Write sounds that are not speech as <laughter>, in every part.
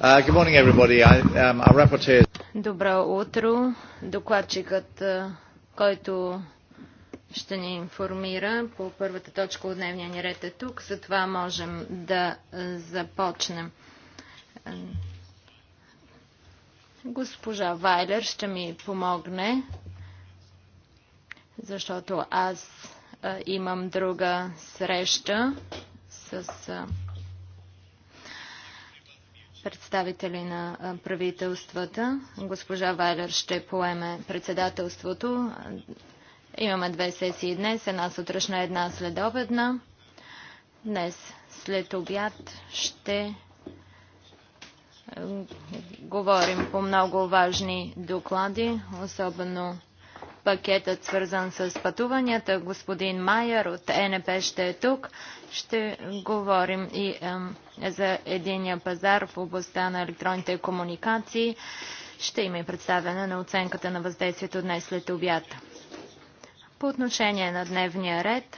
Uh, good morning, everybody. Um, our rapporteur... Добро утро. Докладчикът, е, който ще ни информира по първата точка от дневния ни ред е тук, затова можем да е, започнем. Е, госпожа Вайлер ще ми помогне, защото аз имам друга среща с представители на правителствата. Госпожа Вайлер ще поеме председателството. Имаме две сесии днес, една сутрешна, една следобедна. Днес след обяд ще говорим по много важни доклади, особено пакетът свързан с пътуванията. Господин Майер от НП ще е тук. Ще говорим и за единия пазар в областта на електронните комуникации. Ще има и представяне на оценката на въздействието днес след обяд. По отношение на дневния ред,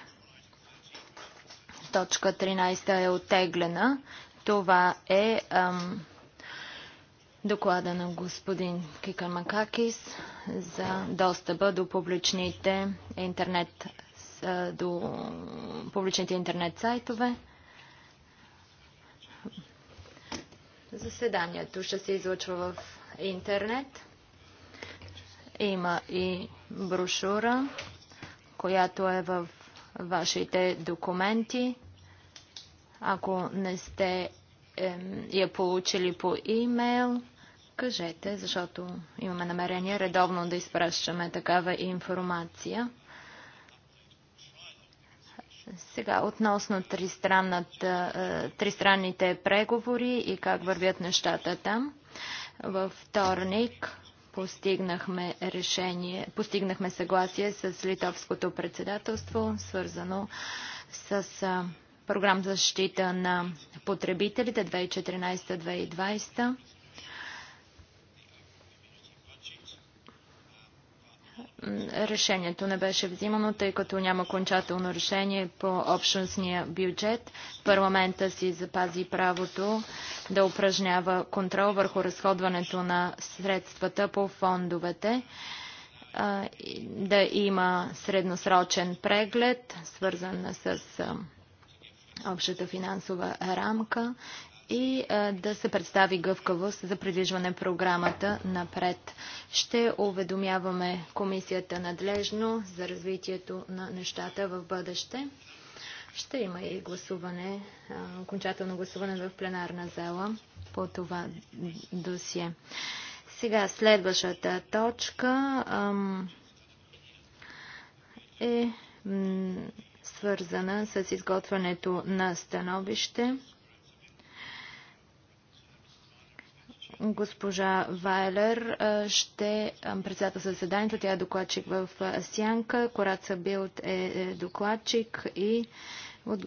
точка 13 е оттеглена. Това е ам, доклада на господин Кикамакакис за достъпа до публичните интернет, до публичните интернет сайтове. Заседанието ще се излъчва в интернет. Има и брошура, която е в вашите документи. Ако не сте е, я получили по имейл, кажете, защото имаме намерение редовно да изпращаме такава информация. Сега относно е, тристранните преговори и как вървят нещата там. Във вторник постигнахме решение, постигнахме съгласие с литовското председателство, свързано с е, програм за защита на потребителите 2014-2020. Решението не беше взимано, тъй като няма окончателно решение по общностния бюджет. Парламента си запази правото да упражнява контрол върху разходването на средствата по фондовете, да има средносрочен преглед, свързан с общата финансова рамка и да се представи гъвкавост за придвижване програмата напред. Ще уведомяваме комисията надлежно за развитието на нещата в бъдеще. Ще има и гласуване, окончателно гласуване в пленарна зала по това досие. Сега следващата точка е свързана с изготвянето на становище Госпожа Вайлер ще председател заседанието. Тя е докладчик в Сянка. Кораца Билд е, е докладчик и от,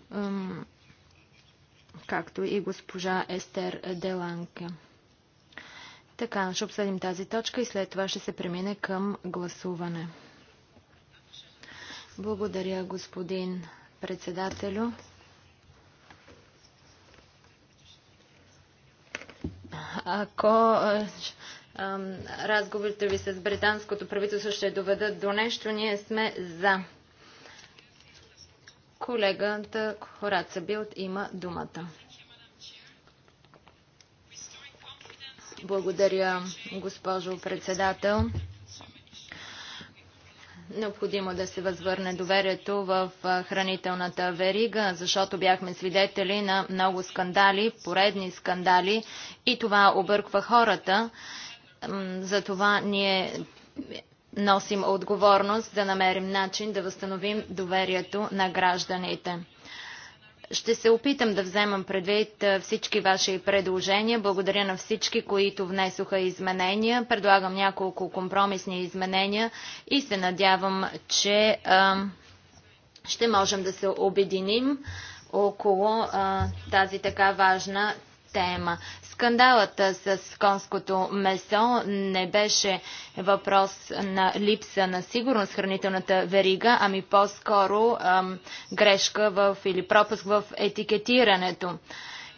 както и госпожа Естер Деланке. Така, ще обсъдим тази точка и след това ще се премине към гласуване. Благодаря, господин председателю. Ако разговорите ви с британското правителство ще доведат до нещо, ние сме за. Колегата Хораца Билт има думата. Благодаря, госпожо председател. Необходимо е да се възвърне доверието в хранителната верига, защото бяхме свидетели на много скандали, поредни скандали и това обърква хората. Затова ние носим отговорност да намерим начин да възстановим доверието на гражданите. Ще се опитам да вземам предвид всички ваши предложения. Благодаря на всички, които внесоха изменения. Предлагам няколко компромисни изменения и се надявам, че а, ще можем да се обединим около а, тази така важна тема. Скандалът с конското месо не беше въпрос на липса на сигурност хранителната верига, ами по-скоро грешка в, или пропуск в етикетирането.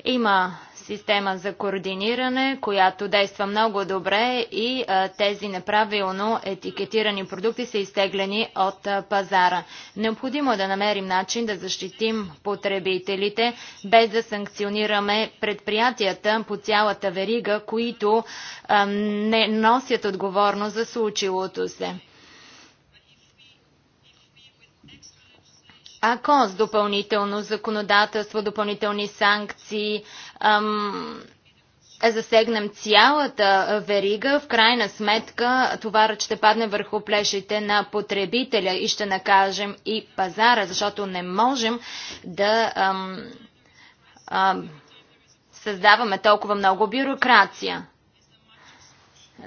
Има система за координиране, която действа много добре и а, тези неправилно етикетирани продукти са изтеглени от а, пазара. Необходимо е да намерим начин да защитим потребителите, без да санкционираме предприятията по цялата верига, които а, не носят отговорност за случилото се. Ако с допълнително законодателство, допълнителни санкции ам, засегнем цялата верига, в крайна сметка товарът ще падне върху плешите на потребителя и ще накажем и пазара, защото не можем да ам, ам, създаваме толкова много бюрокрация.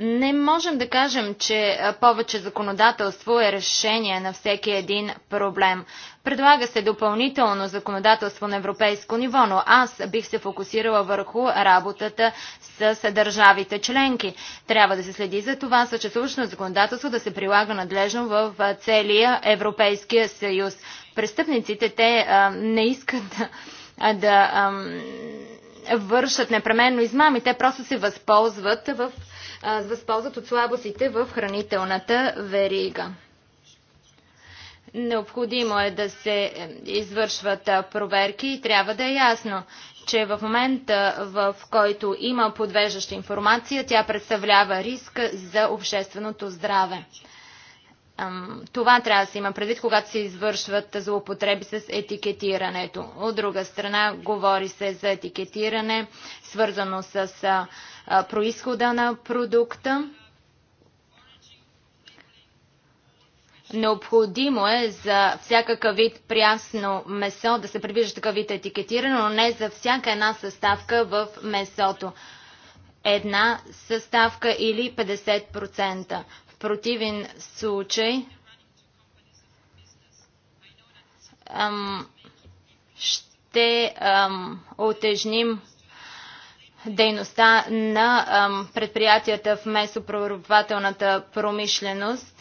Не можем да кажем, че повече законодателство е решение на всеки един проблем. Предлага се допълнително законодателство на европейско ниво, но аз бих се фокусирала върху работата с държавите членки. Трябва да се следи за това съществуващо законодателство да се прилага надлежно в целия Европейския съюз. Престъпниците, те а, не искат да, да вършат непременно измами, те просто се възползват, в, а, възползват от слабостите в хранителната верига. Необходимо е да се е, извършват проверки и трябва да е ясно, че в момента, в който има подвеждаща информация, тя представлява риск за общественото здраве това трябва да се има предвид, когато се извършват злоупотреби с етикетирането. От друга страна, говори се за етикетиране, свързано с происхода на продукта. Необходимо е за всякакъв вид прясно месо да се предвижда такъв вид етикетиране, но не за всяка една съставка в месото една съставка или 50% противен случай ам, ще ам, отежним дейността на ам, предприятията в месопроработвателната промишленост.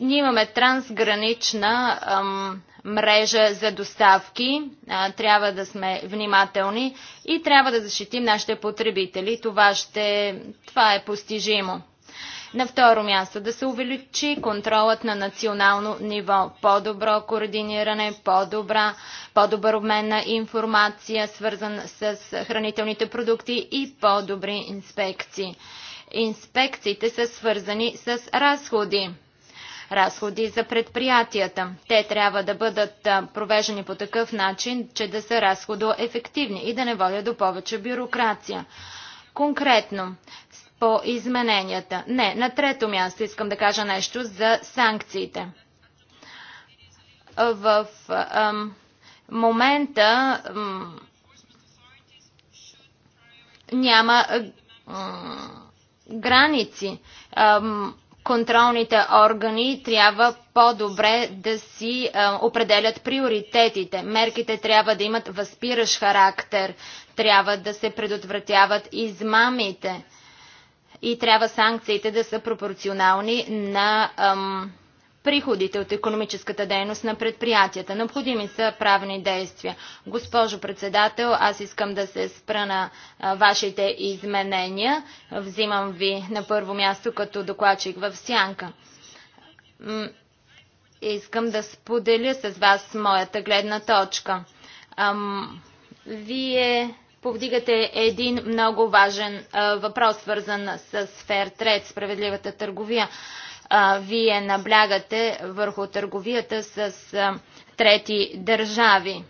Ние имаме трансгранична ам, мрежа за доставки. Трябва да сме внимателни и трябва да защитим нашите потребители. Това, ще, това е постижимо. На второ място да се увеличи контролът на национално ниво. По-добро координиране, по-добра, по-добър обмен на информация, свързан с хранителните продукти и по-добри инспекции. Инспекциите са свързани с разходи разходи за предприятията. Те трябва да бъдат провеждани по такъв начин, че да са разходоефективни и да не водят до повече бюрокрация. Конкретно, по измененията. Не, на трето място искам да кажа нещо за санкциите. В ам, момента ам, няма ам, граници. Ам, контролните органи трябва по-добре да си а, определят приоритетите. Мерките трябва да имат възпиращ характер, трябва да се предотвратяват измамите и трябва санкциите да са пропорционални на ам, приходите от економическата дейност на предприятията. Необходими са правни действия. Госпожо председател, аз искам да се спра на вашите изменения. Взимам ви на първо място като докладчик в сянка. Искам да споделя с вас моята гледна точка. вие повдигате един много важен въпрос, свързан с фер трет, справедливата търговия вие наблягате върху търговията с трети държави.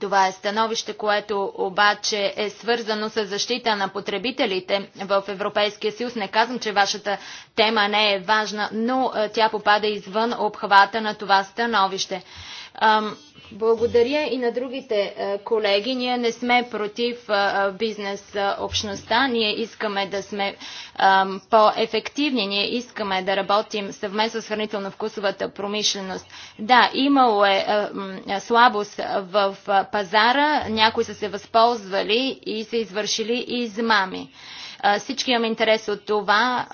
Това е становище, което обаче е свързано с защита на потребителите в Европейския съюз. Не казвам, че вашата тема не е важна, но тя попада извън обхвата на това становище. Благодаря и на другите е, колеги. Ние не сме против е, е, бизнес общността. Ние искаме да сме по-ефективни. Ние искаме да работим съвместно с хранително-вкусовата промишленост. Да, имало е слабост в пазара. Някои са се възползвали и са извършили измами. Всички имаме интерес от това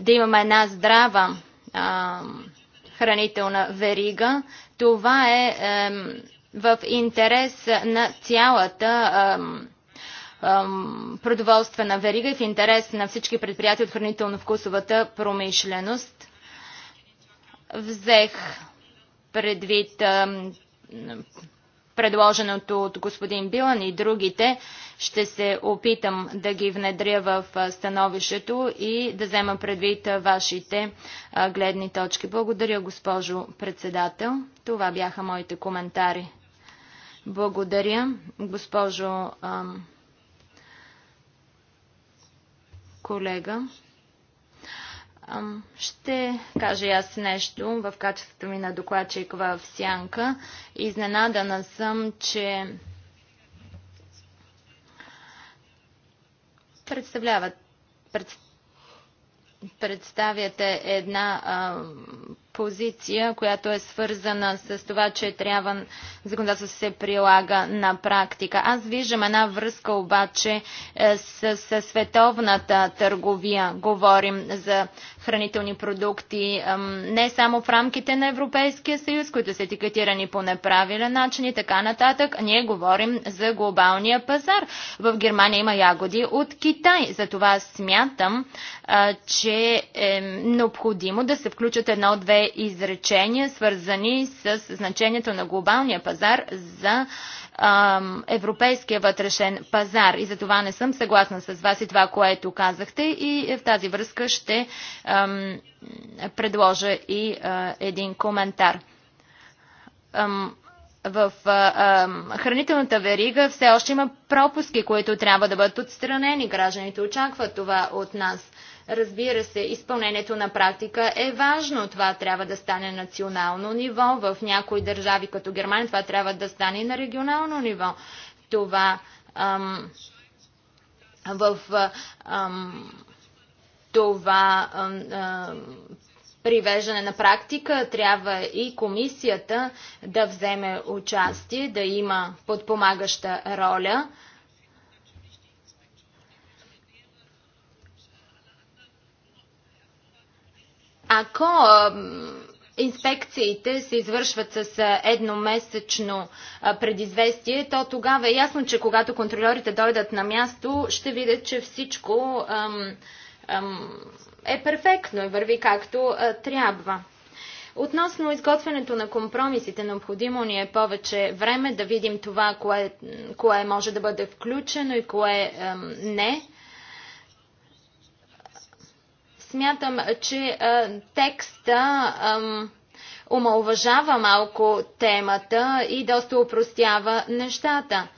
да имаме една здрава хранителна верига. Това е в интерес на цялата продоволствена верига и в интерес на всички предприятия от хранително-вкусовата промишленост. Взех предвид предложеното от господин Билан и другите. Ще се опитам да ги внедря в становището и да взема предвид вашите гледни точки. Благодаря, госпожо председател. Това бяха моите коментари. Благодаря, госпожо колега. Ще кажа аз нещо в качеството ми на докладчик в Сянка. Изненадана съм, че представляват, пред, представяте една а, позиция, която е свързана с това, че трябва законодателство се прилага на практика. Аз виждам една връзка обаче е, с, с световната търговия. Говорим за хранителни продукти не само в рамките на Европейския съюз, които са етикетирани по неправилен начин и така нататък. Ние говорим за глобалния пазар. В Германия има ягоди от Китай. Затова смятам, че е необходимо да се включат едно-две изречения, свързани с значението на глобалния пазар за европейския вътрешен пазар. И за това не съм съгласна с вас и това, което казахте. И е, в тази връзка ще предложа и един коментар в хранителната верига все още има пропуски, които трябва да бъдат отстранени. Гражданите очакват това от нас. Разбира се, изпълнението на практика е важно. Това трябва да стане национално ниво. В някои държави, като Германия, това трябва да стане и на регионално ниво. Това ам, в ам, това ам, привеждане на практика трябва и комисията да вземе участие, да има подпомагаща роля. Ако инспекциите се извършват с едномесечно предизвестие, то тогава е ясно, че когато контролерите дойдат на място, ще видят, че всичко е перфектно и върви както трябва. Относно изготвянето на компромисите, необходимо ни е повече време да видим това, кое, кое може да бъде включено и кое е, не. Смятам, че текста омалважава малко темата и доста упростява нещата.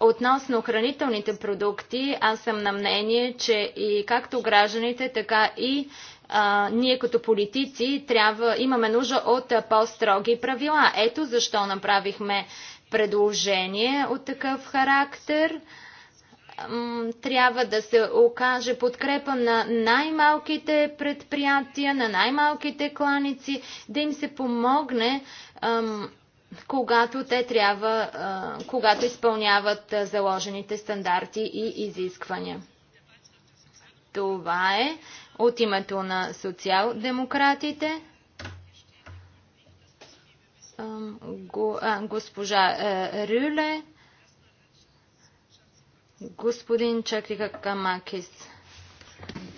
Относно хранителните продукти, аз съм на мнение, че и както гражданите, така и а, ние като политици трябва, имаме нужда от по-строги правила. Ето защо направихме предложение от такъв характер трябва да се окаже подкрепа на най-малките предприятия, на най-малките кланици, да им се помогне когато те трябва, когато изпълняват заложените стандарти и изисквания. Това е от името на социал-демократите. Госпожа е, Рюле Господин Чакрика Камакис.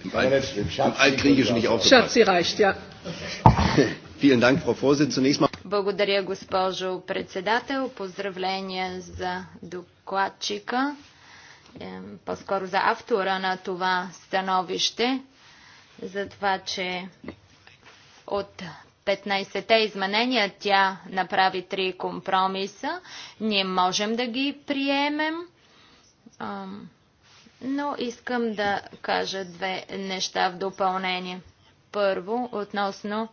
<laughs> благодаря, госпожо председател. Поздравления за докладчика, е, по-скоро за автора на това становище, за това, че от 15-те изменения тя направи три компромиса. Ние можем да ги приемем но искам да кажа две неща в допълнение. Първо, относно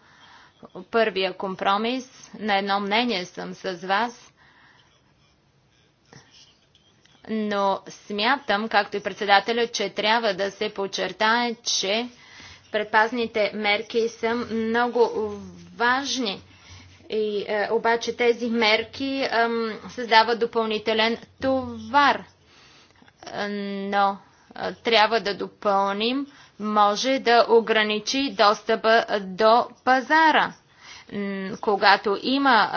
първия компромис, на едно мнение съм с вас, но смятам, както и председателя, че трябва да се подчертае, че предпазните мерки са много важни. И, е, обаче тези мерки е, създават допълнителен товар – но трябва да допълним, може да ограничи достъпа до пазара. Когато има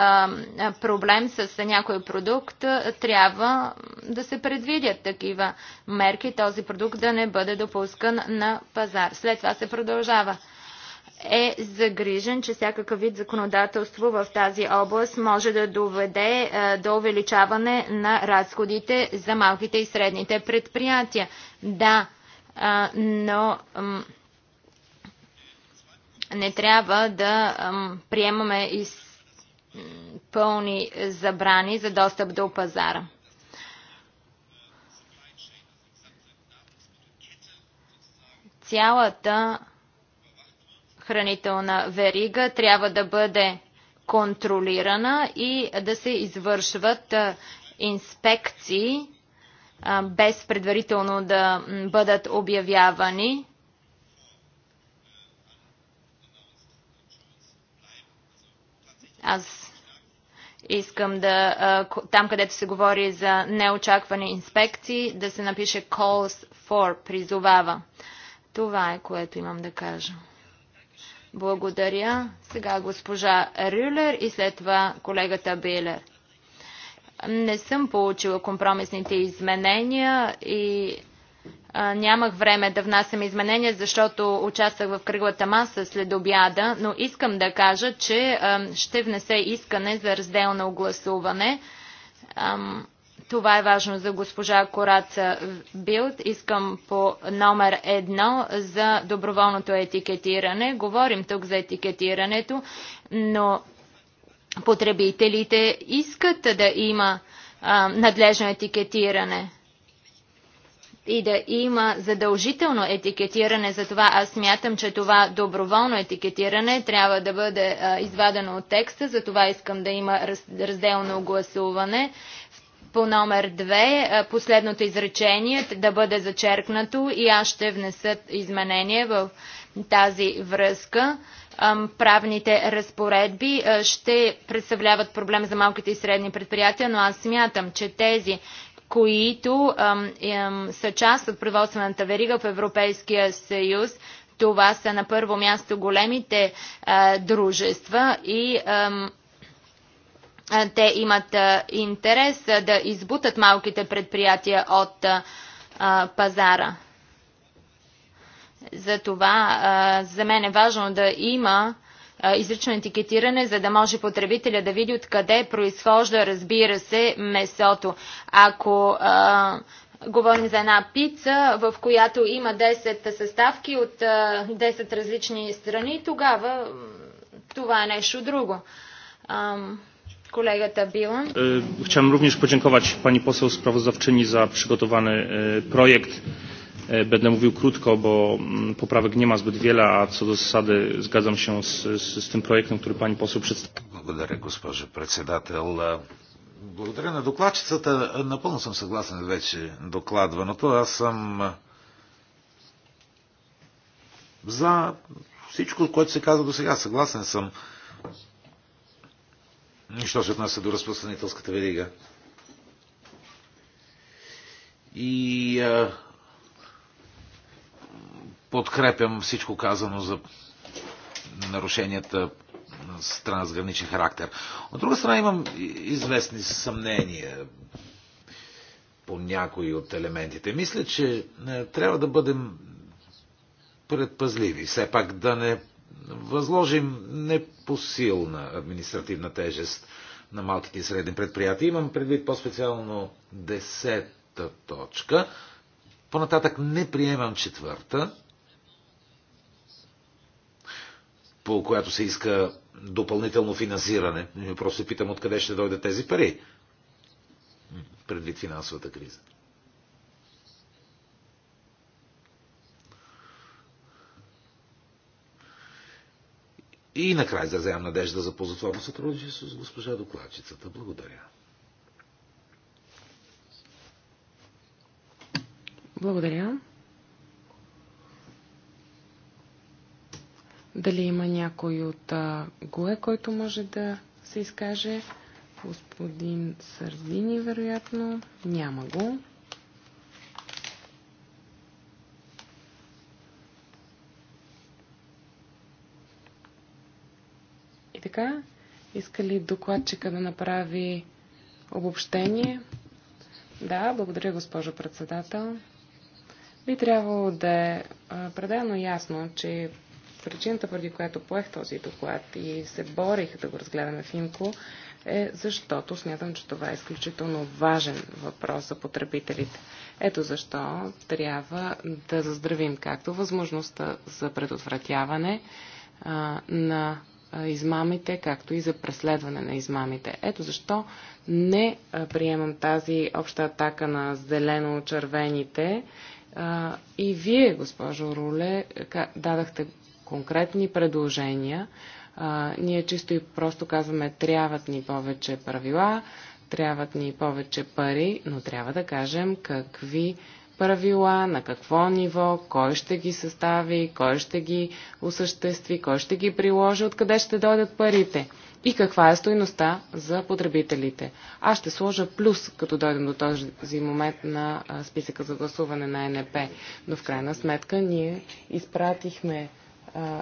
проблем с някой продукт, трябва да се предвидят такива мерки, този продукт да не бъде допускан на пазар. След това се продължава е загрижен, че всякакъв вид законодателство в тази област може да доведе е, до увеличаване на разходите за малките и средните предприятия. Да, е, но не трябва да приемаме и пълни забрани за достъп до пазара. Цялата хранителна верига трябва да бъде контролирана и да се извършват инспекции без предварително да бъдат обявявани. Аз искам да, там където се говори за неочаквани инспекции, да се напише calls for, призовава. Това е което имам да кажа. Благодаря. Сега госпожа Рюлер и след това колегата Билер. Не съм получила компромисните изменения и а, нямах време да внасям изменения, защото участвах в кръглата маса след обяда, но искам да кажа, че а, ще внесе искане за разделно гласуване. Това е важно за госпожа Кораца Билд. Искам по номер едно за доброволното етикетиране. Говорим тук за етикетирането, но потребителите искат да има а, надлежно етикетиране и да има задължително етикетиране. Затова аз смятам, че това доброволно етикетиране трябва да бъде а, извадено от текста. Затова искам да има раз, разделно гласуване. По номер 2, последното изречение да бъде зачеркнато и аз ще внеса изменение в тази връзка. Правните разпоредби ще представляват проблем за малките и средни предприятия, но аз смятам, че тези, които са част от производствената верига в Европейския съюз, това са на първо място големите дружества и те имат интерес да избутат малките предприятия от пазара. Затова за мен е важно да има изрично етикетиране, за да може потребителя да види откъде произхожда, разбира се, месото. Ако а, говорим за една пица, в която има 10 съставки от а, 10 различни страни, тогава това е нещо друго. Ам... Chciałem również podziękować pani poseł sprawozdawczyni za przygotowany projekt. Będę mówił krótko, bo poprawek nie ma zbyt wiele, a co do zasady zgadzam się z, z, z tym projektem, który pani poseł przedstawiła. Благодаря на докладчицата. Напълно съм съгласен вече докладваното. Аз съм за всичко, което се казва до сега. Съгласен съм що се отнася до разпространителската верига. И а, подкрепям всичко казано за нарушенията с трансграничен характер. От друга страна имам известни съмнения по някои от елементите. Мисля, че трябва да бъдем предпазливи. Все пак да не възложим непосилна административна тежест на малките и средни предприятия. Имам предвид по-специално десета точка. Понататък не приемам четвърта, по която се иска допълнително финансиране. Просто се питам откъде ще дойдат тези пари предвид финансовата криза. И накрая изразявам надежда за ползотворно сътрудничество с госпожа докладчицата. Благодаря. Благодаря. Дали има някой от ГОЕ, който може да се изкаже? Господин Сардини, вероятно. Няма го. така, иска ли докладчика да направи обобщение? Да, благодаря, госпожо председател. Би трябвало да е пределно ясно, че причината, преди която поех този доклад и се борих да го разгледаме в Инко, е защото смятам, че това е изключително важен въпрос за потребителите. Ето защо трябва да заздравим както възможността за предотвратяване а, на измамите, както и за преследване на измамите. Ето защо не приемам тази обща атака на зелено-червените. И вие, госпожо Руле, дадахте конкретни предложения. Ние чисто и просто казваме, трябват ни повече правила, трябват ни повече пари, но трябва да кажем какви правила, на какво ниво, кой ще ги състави, кой ще ги осъществи, кой ще ги приложи, откъде ще дойдат парите и каква е стоиността за потребителите. Аз ще сложа плюс, като дойдем до този момент на списъка за гласуване на НП. Но в крайна сметка ние изпратихме а,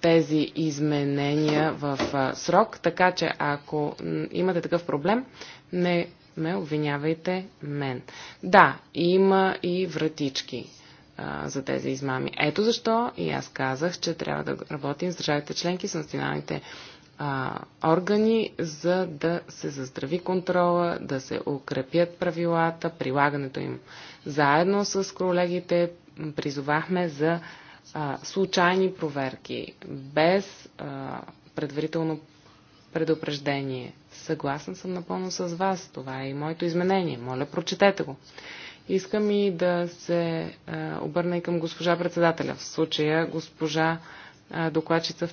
тези изменения в а, срок, така че ако имате такъв проблем, не ме обвинявайте мен. Да, има и вратички а, за тези измами. Ето защо и аз казах, че трябва да работим с държавите членки, с националните а, органи, за да се заздрави контрола, да се укрепят правилата, прилагането им. Заедно с колегите призовахме за а, случайни проверки, без а, предварително предупреждение. Съгласен съм напълно с вас. Това е и моето изменение. Моля, прочетете го. Искам и да се обърна и към госпожа председателя. В случая госпожа докладчица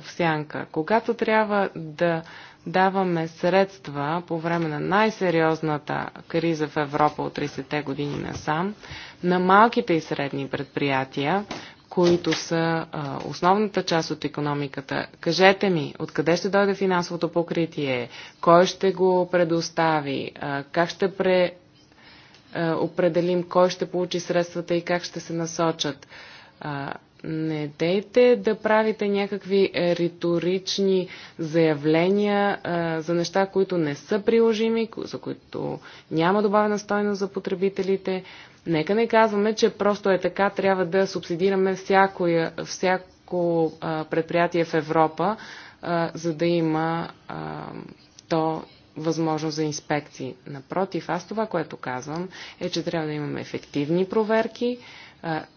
в сянка. Когато трябва да даваме средства по време на най-сериозната криза в Европа от 30-те години насам на малките и средни предприятия, които са а, основната част от економиката. Кажете ми, откъде ще дойде финансовото покритие, кой ще го предостави, а, как ще пре, а, определим кой ще получи средствата и как ще се насочат. А, не дейте да правите някакви е, риторични заявления а, за неща, които не са приложими, за които няма добавена стойност за потребителите. А, Нека не казваме, че просто е така, трябва да субсидираме всяко, всяко предприятие в Европа, за да има то възможност за инспекции. Напротив, аз това, което казвам, е, че трябва да имаме ефективни проверки,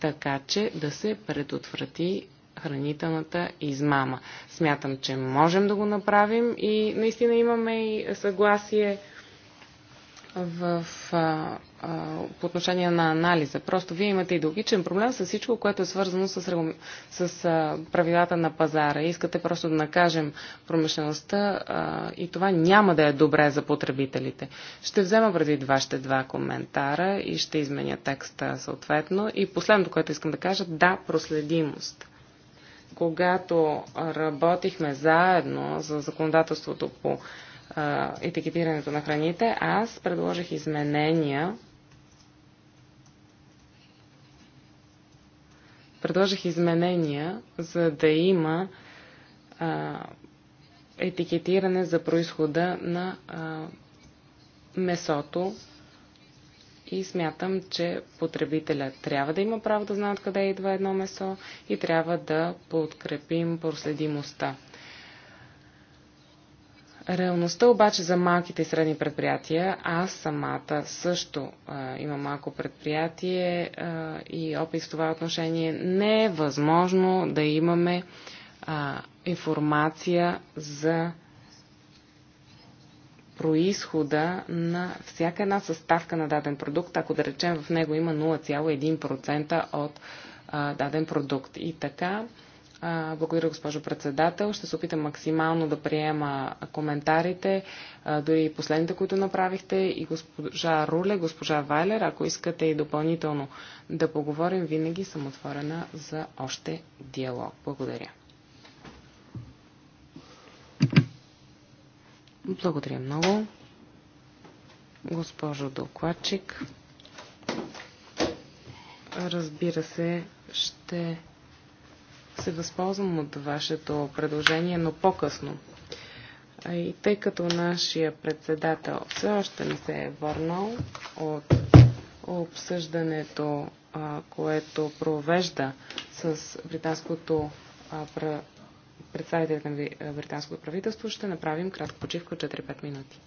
така че да се предотврати хранителната измама. Смятам, че можем да го направим и наистина имаме и съгласие в, а, а, по отношение на анализа. Просто вие имате идеологичен проблем с всичко, което е свързано с, с а, правилата на пазара. Искате просто да накажем промишлеността а, и това няма да е добре за потребителите. Ще взема предвид вашите два коментара и ще изменя текста съответно. И последното, което искам да кажа, да, проследимост когато работихме заедно за законодателството по етикетирането на храните, аз предложих изменения. Предложих изменения, за да има а, етикетиране за происхода на а, месото и смятам, че потребителя трябва да има право да знаят къде идва едно месо и трябва да подкрепим проследимостта. Реалността обаче за малките и средни предприятия, аз самата също а, имам малко предприятие а, и опит в това отношение, не е възможно да имаме а, информация за происхода на всяка една съставка на даден продукт, ако да речем в него има 0,1% от а, даден продукт. И така, а, благодаря, госпожо председател. Ще се опитам максимално да приема коментарите, а, дори последните, които направихте, и госпожа Руле, госпожа Вайлер. Ако искате и допълнително да поговорим, винаги съм отворена за още диалог. Благодаря. Благодаря много. Госпожо докладчик, разбира се, ще се възползвам от вашето предложение, но по-късно. И тъй като нашия председател все още не се е върнал от обсъждането, което провежда с британското представителите на британското правителство, ще направим кратка почивка от 4-5 минути.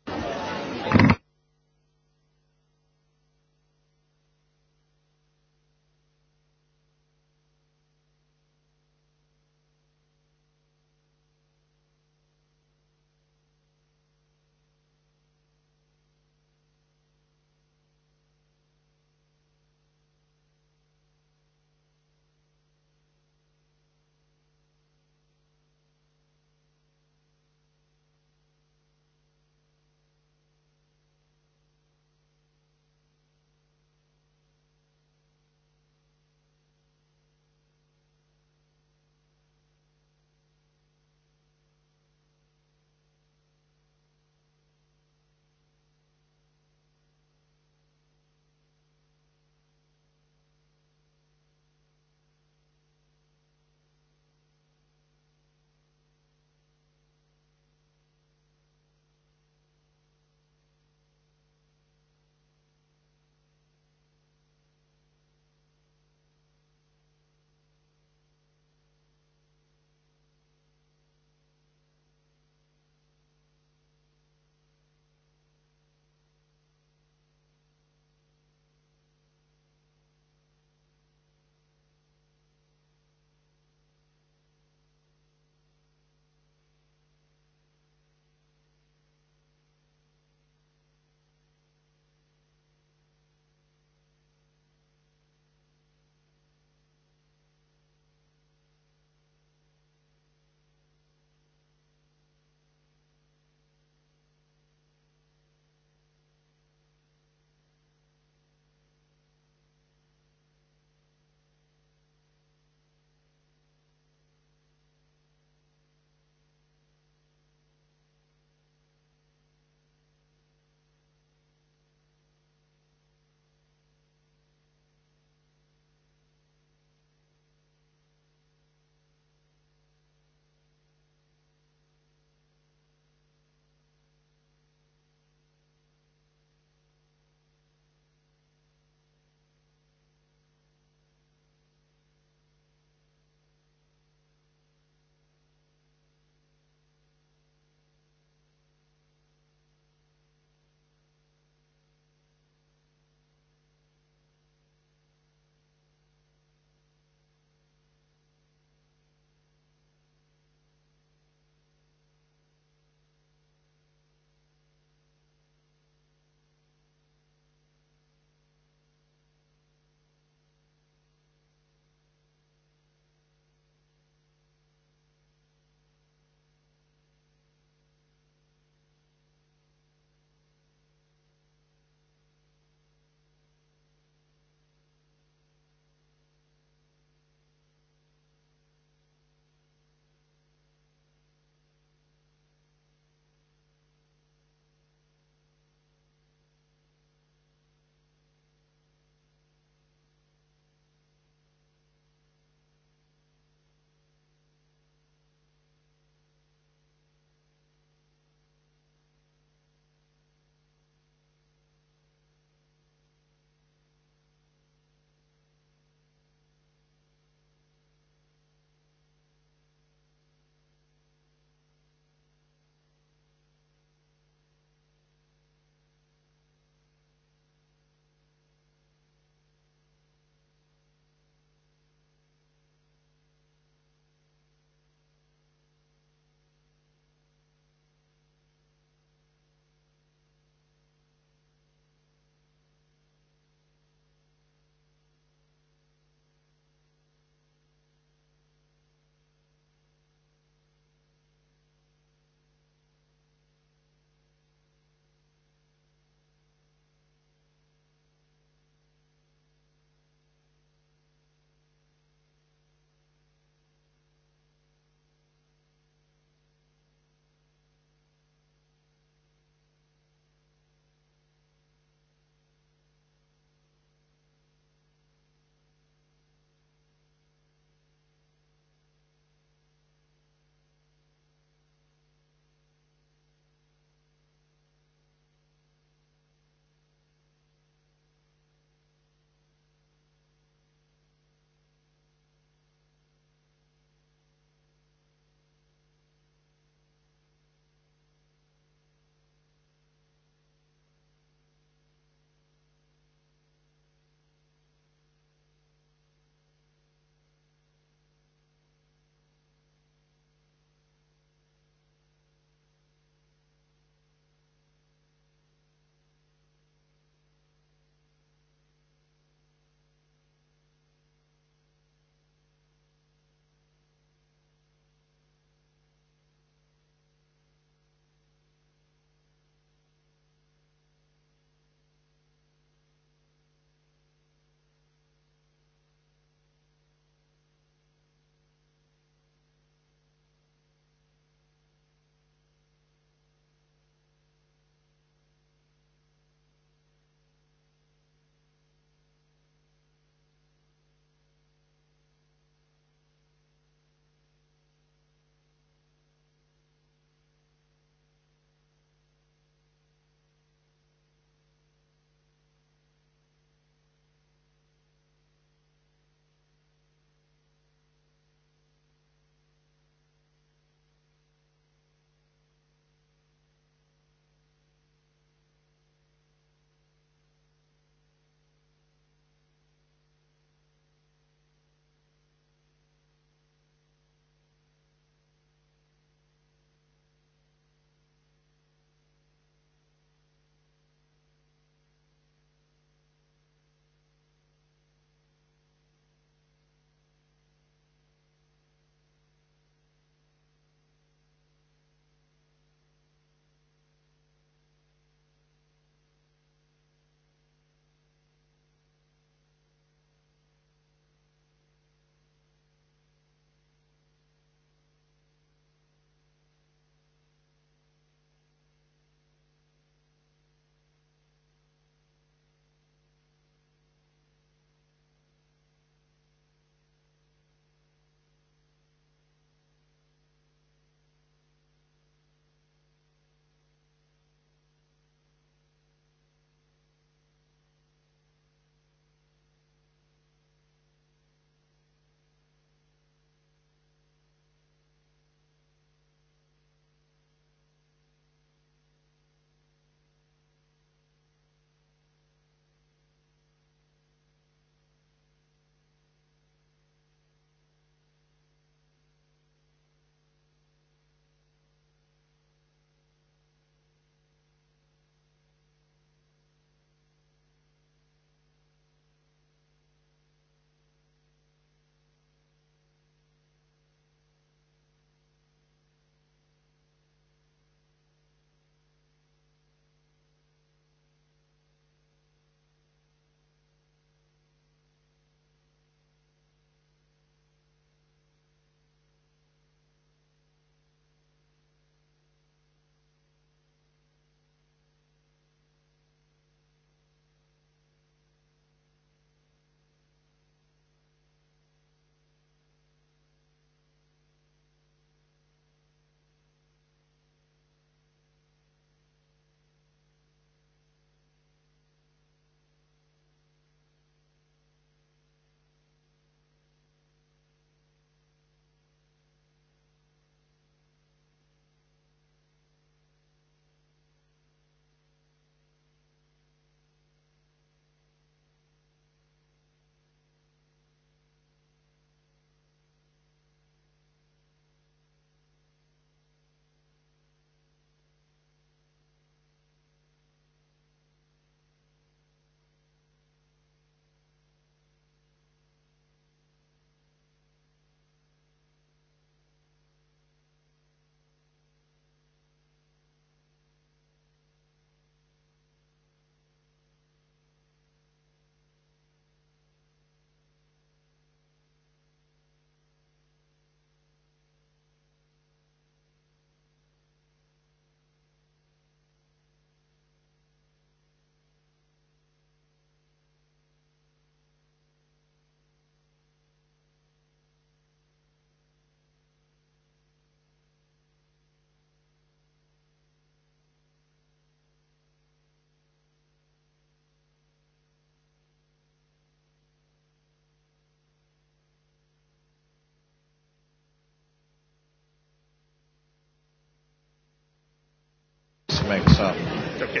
mix up. Okay.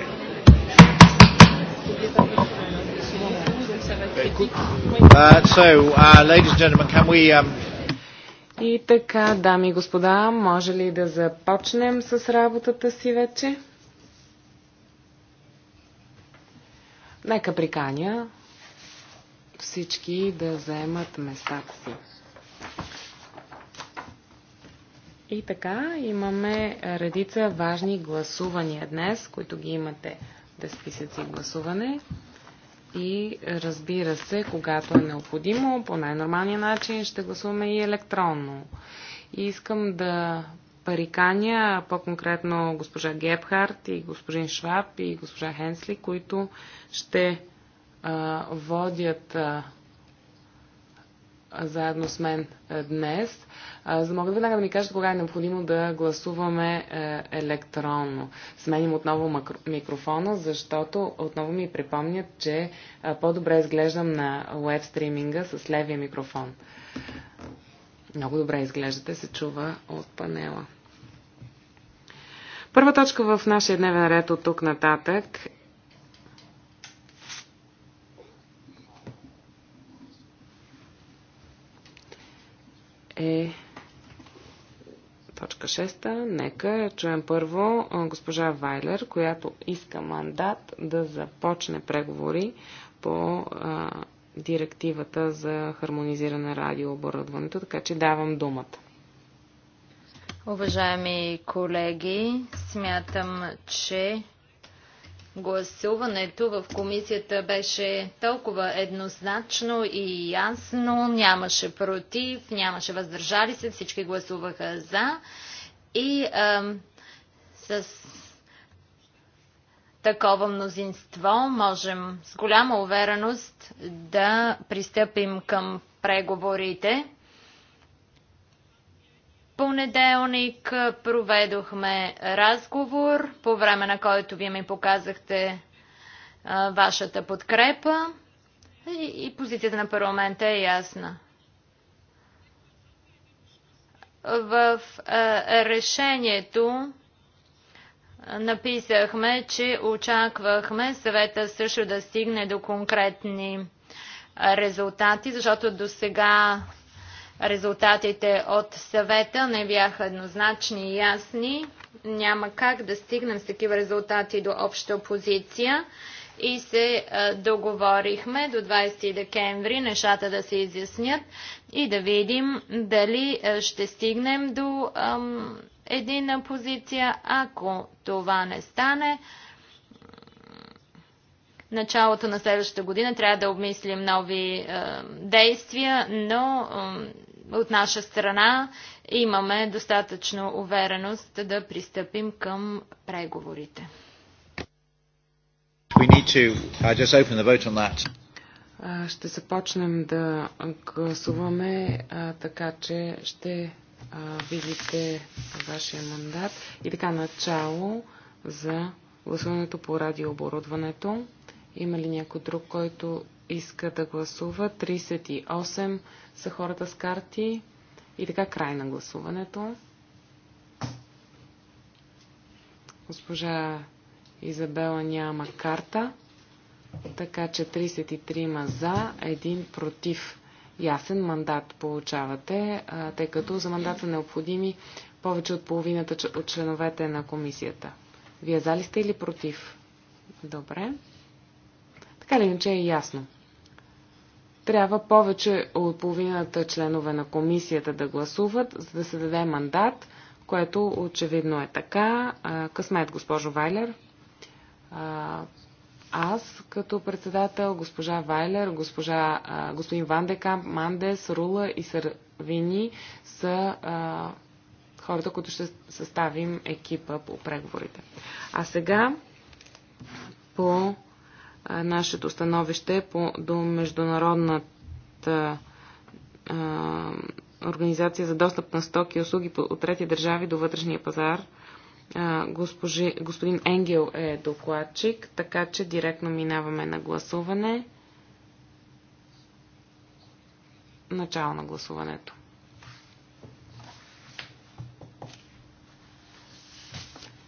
Uh, so, uh, ladies and gentlemen, can we um, и така, дами и господа, може ли да започнем с работата си вече? Нека приканя всички да вземат местата си. И така, имаме редица важни гласувания днес, които ги имате да списъци гласуване. И разбира се, когато е необходимо, по най-нормалния начин ще гласуваме и електронно. И искам да париканя, по-конкретно госпожа Гебхарт и господин Шваб и госпожа Хенсли, които ще а, водят а, заедно с мен е, днес, за да могат веднага да ми кажат кога е необходимо да гласуваме е, електронно. Сменим отново микрофона, защото отново ми припомнят, че е, по-добре изглеждам на уеб стриминга с левия микрофон. Много добре изглеждате, се чува от панела. Първа точка в нашия дневен ред от тук нататък е точка 6. Нека чуем първо госпожа Вайлер, която иска мандат да започне преговори по а, директивата за хармонизиране на радиооборудването, така че давам думата. Уважаеми колеги, смятам, че Гласуването в комисията беше толкова еднозначно и ясно, нямаше против, нямаше въздържали се, всички гласуваха за и а, с такова мнозинство можем с голяма увереност да пристъпим към преговорите понеделник проведохме разговор, по време на който вие ми показахте а, вашата подкрепа и, и позицията на парламента е ясна. В а, решението написахме, че очаквахме съвета също да стигне до конкретни резултати, защото до сега Резултатите от съвета не бяха еднозначни и ясни. Няма как да стигнем с такива резултати до обща позиция и се е, договорихме до 20 декември нещата да се изяснят и да видим дали е, ще стигнем до ам, едина позиция. Ако това не стане, началото на следващата година трябва да обмислим нови ам, е, действия, но Ам, от наша страна имаме достатъчно увереност да пристъпим към преговорите. Uh, ще започнем да гласуваме, така че ще видите вашия мандат. И така, начало за гласуването по радиооборудването. Има ли някой друг, който иска да гласува. 38 са хората с карти. И така край на гласуването. Госпожа Изабела няма карта, така че 33 за, 1 против. Ясен мандат получавате, тъй като за мандат са необходими повече от половината от членовете на комисията. Вие за ли сте или против? Добре. Така ли че е ясно? трябва повече от половината членове на комисията да гласуват, за да се даде мандат, което очевидно е така. Късмет, госпожо Вайлер. Аз като председател, госпожа Вайлер, госпожа, господин Вандекам, Мандес, Рула и Сървини са хората, които ще съставим екипа по преговорите. А сега по нашето становище по, до Международната а, организация за достъп на стоки и услуги от трети държави до вътрешния пазар. А, госпожи, господин Енгел е докладчик, така че директно минаваме на гласуване. Начало на гласуването.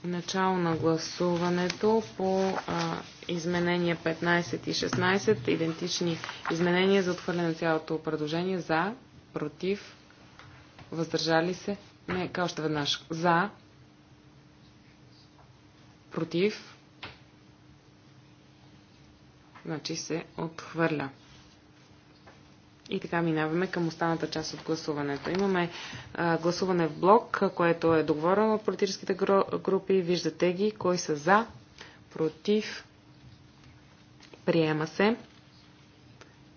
Начало на гласуването по а, Изменения 15 и 16, идентични изменения за отхвърляне на цялото предложение. За, против, въздържали се. Не, как още веднъж. За, против, значи се отхвърля. И така минаваме към останата част от гласуването. Имаме а, гласуване в блок, което е договорено от политическите групи. Виждате ги, кой са за, против, Приема се.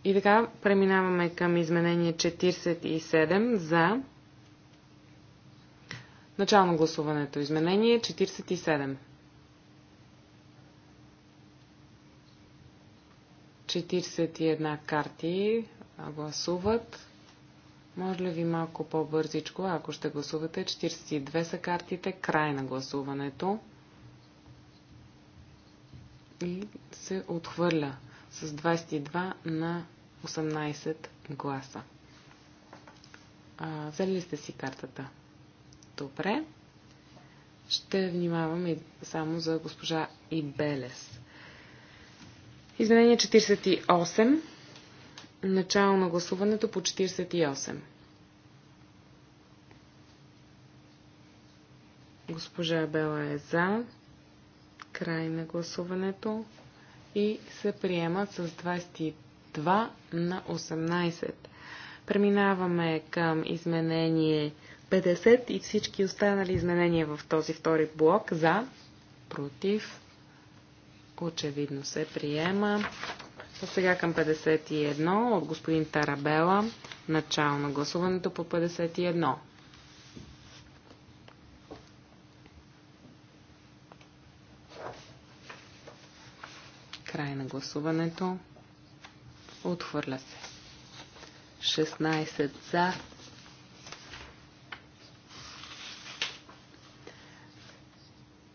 И така преминаваме към изменение 47 за начално гласуването. Изменение 47. 41 карти гласуват. Може ли ви малко по-бързичко, ако ще гласувате? 42 са картите. Край на гласуването и се отхвърля с 22 на 18 гласа. А, взели ли сте си картата? Добре. Ще внимавам и само за госпожа Ибелес. Изменение 48. Начало на гласуването по 48. Госпожа Бела е за. Край на гласуването. И се приемат с 22 на 18. Преминаваме към изменение 50 и всички останали изменения в този втори блок за, против, очевидно се приема. А сега към 51 от господин Тарабела, начало на гласуването по 51. Край на гласуването. Отхвърля се. 16 за.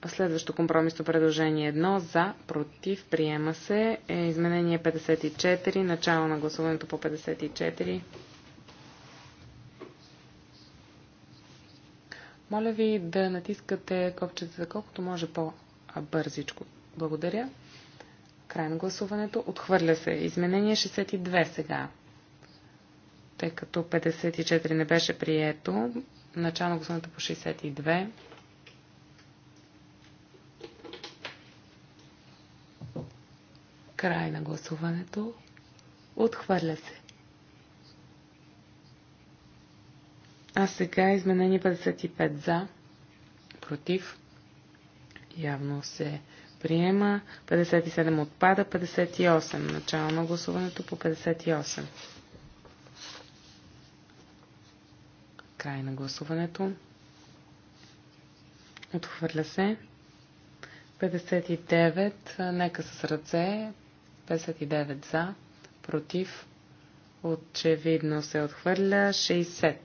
Следващо компромисно предложение 1 за, против, приема се. Е изменение 54, начало на гласуването по 54. Моля ви да натискате копчета за, колкото може по-бързичко. Благодаря. Край на гласуването. Отхвърля се. Изменение 62 сега. Тъй като 54 не беше прието. Начало на гласуването по 62. Край на гласуването. Отхвърля се. А сега изменение 55 за. Против. Явно се приема, 57 отпада, 58. Начало на гласуването по 58. Край на гласуването. Отхвърля се. 59. Нека с ръце. 59 за. Против. Очевидно се отхвърля. 60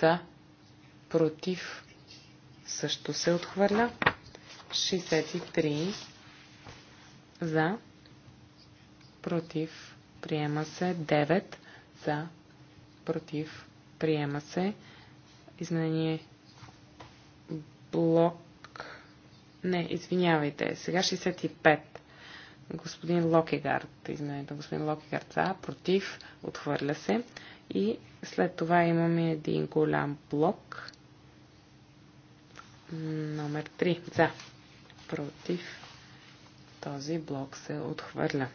за. Против. Също се отхвърля. 63 за, против, приема се. 9 за, против, приема се. Изменение блок. Не, извинявайте. Сега 65. Господин Локегард. Изменението господин Локегард за, против, отхвърля се. И след това имаме един голям блок. Номер 3. За. Против. Този блок се отхвърля.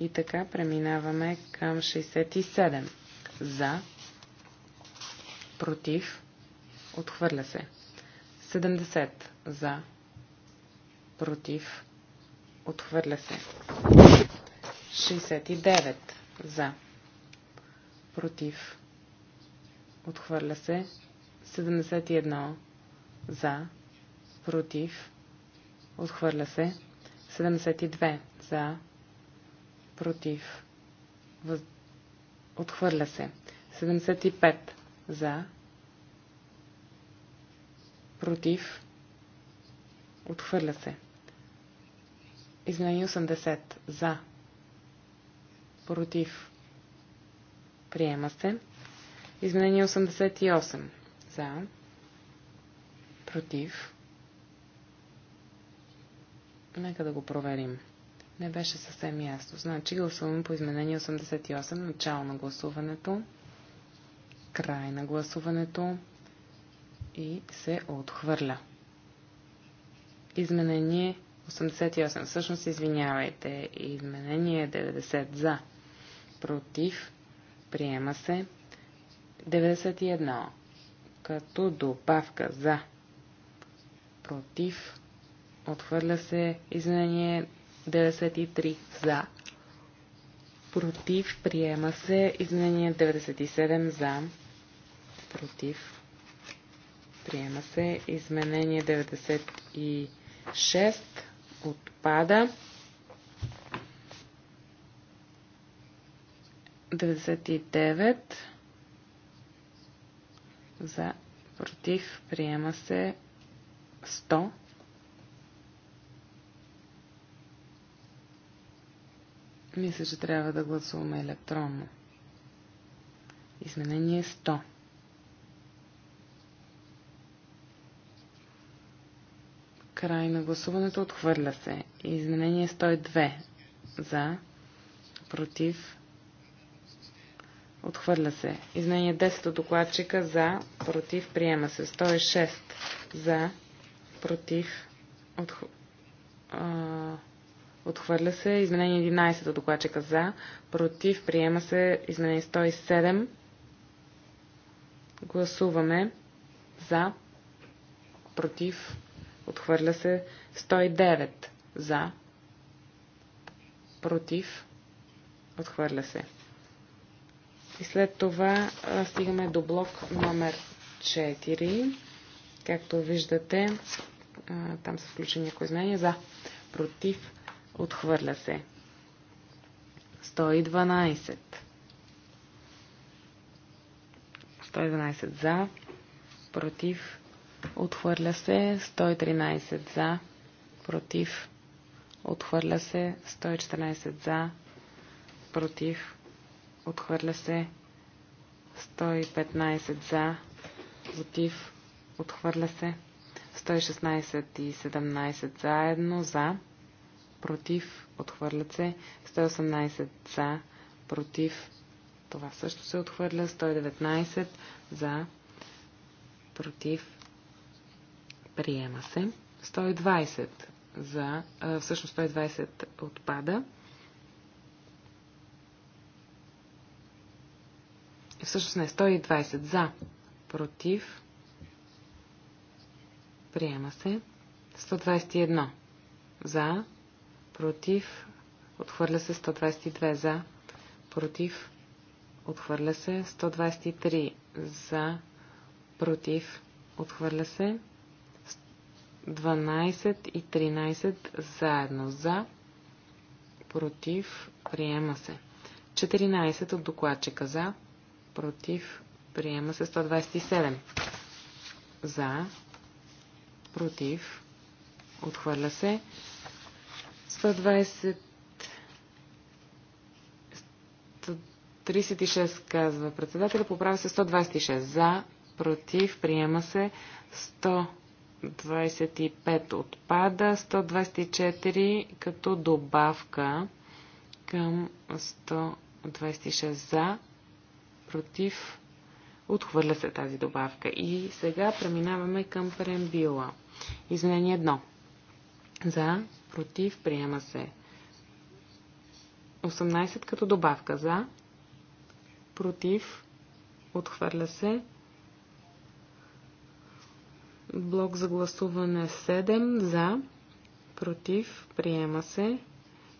И така преминаваме към 67. За, против, отхвърля се. 70. За, против, отхвърля се. 69. За, против, отхвърля се. 71. За, против, Отхвърля се. 72 за. Против. Въз... Отхвърля се. 75 за. Против. Отхвърля се. Измени 80 за. Против. Приема се. Изменение 88. За. Против. Нека да го проверим. Не беше съвсем ясно. Значи гласуваме по изменение 88, начало на гласуването, край на гласуването и се отхвърля. Изменение 88. Всъщност, извинявайте. Изменение 90 за. Против. Приема се. 91. Като добавка за. Против. Отхвърля се изменение 93 за. Против. Приема се изменение 97 за. Против. Приема се изменение 96. Отпада. 99 за против приема се 100 Мисля, че трябва да гласуваме електронно. Изменение 100. Край на гласуването отхвърля се. Изменение 102. За. Против. Отхвърля се. Изменение 10 от докладчика. За. Против. Приема се. 106. За. Против. Отхвърля. А... Отхвърля се. Изменение 11 от докладчика за. Против. Приема се. Изменение 107. Гласуваме. За. Против. Отхвърля се. 109. За. Против. Отхвърля се. И след това стигаме до блок номер 4. Както виждате, там са включени някои знания за, против, Отхвърля се. 112. 112 за. Против. Отхвърля се. 113 за. Против. Отхвърля се. 114 за. Против. Отхвърля се. 115 за. Против. Отхвърля се. 116 и 17 заедно за против, отхвърлят се. 118 за, против, това също се отхвърля. 119 за, против, приема се. 120 за, всъщност 120 отпада. Всъщност не, 120 за, против, приема се. 121 за, против, отхвърля се 122 за, против, отхвърля се 123 за, против, отхвърля се 12 и 13 заедно за, против, приема се. 14 от докладчика за, против, приема се 127 за, против, отхвърля се 120 36 казва председателя, поправя се 126. За, против, приема се 125 отпада, 124 като добавка към 126 за, против, отхвърля се тази добавка. И сега преминаваме към преамбила. Изменение 1. За, против, приема се. 18 като добавка за, против, отхвърля се. Блок за гласуване 7 за, против, приема се.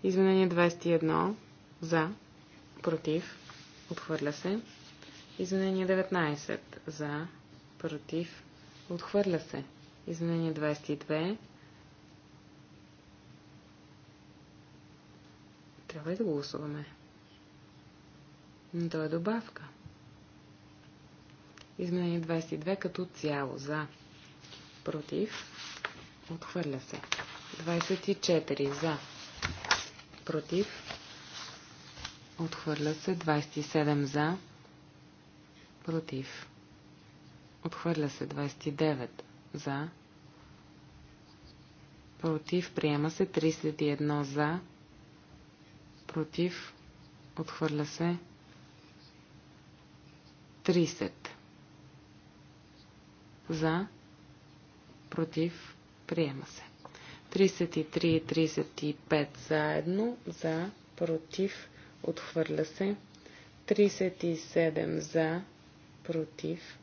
Изменение 21 за, против, отхвърля се. Изменение 19 за, против, отхвърля се. Изменение 22 Трябва ли да го гласуваме? Но то е добавка. Изменение 22 като цяло. За. Против. Отхвърля се. 24. За. Против. Отхвърля се. 27. За. Против. Отхвърля се. 29. За. Против. Приема се. 31. За против, отхвърля се. 30. За, против, приема се. 33 и 35 заедно, за, против, отхвърля се. 37 за, против,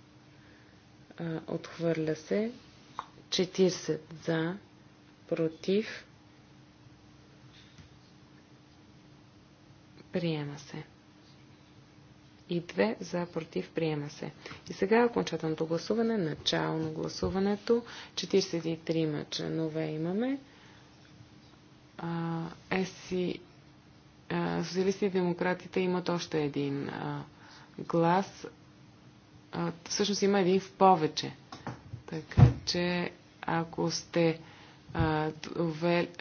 отхвърля се. 40 за, против, Приема се. И две за против. Приема се. И сега окончателното гласуване, начало на гласуването. 43 членове имаме. ЕСИ, социалисти и демократите имат още един а, глас. А, всъщност има един в повече. Така че, ако сте а,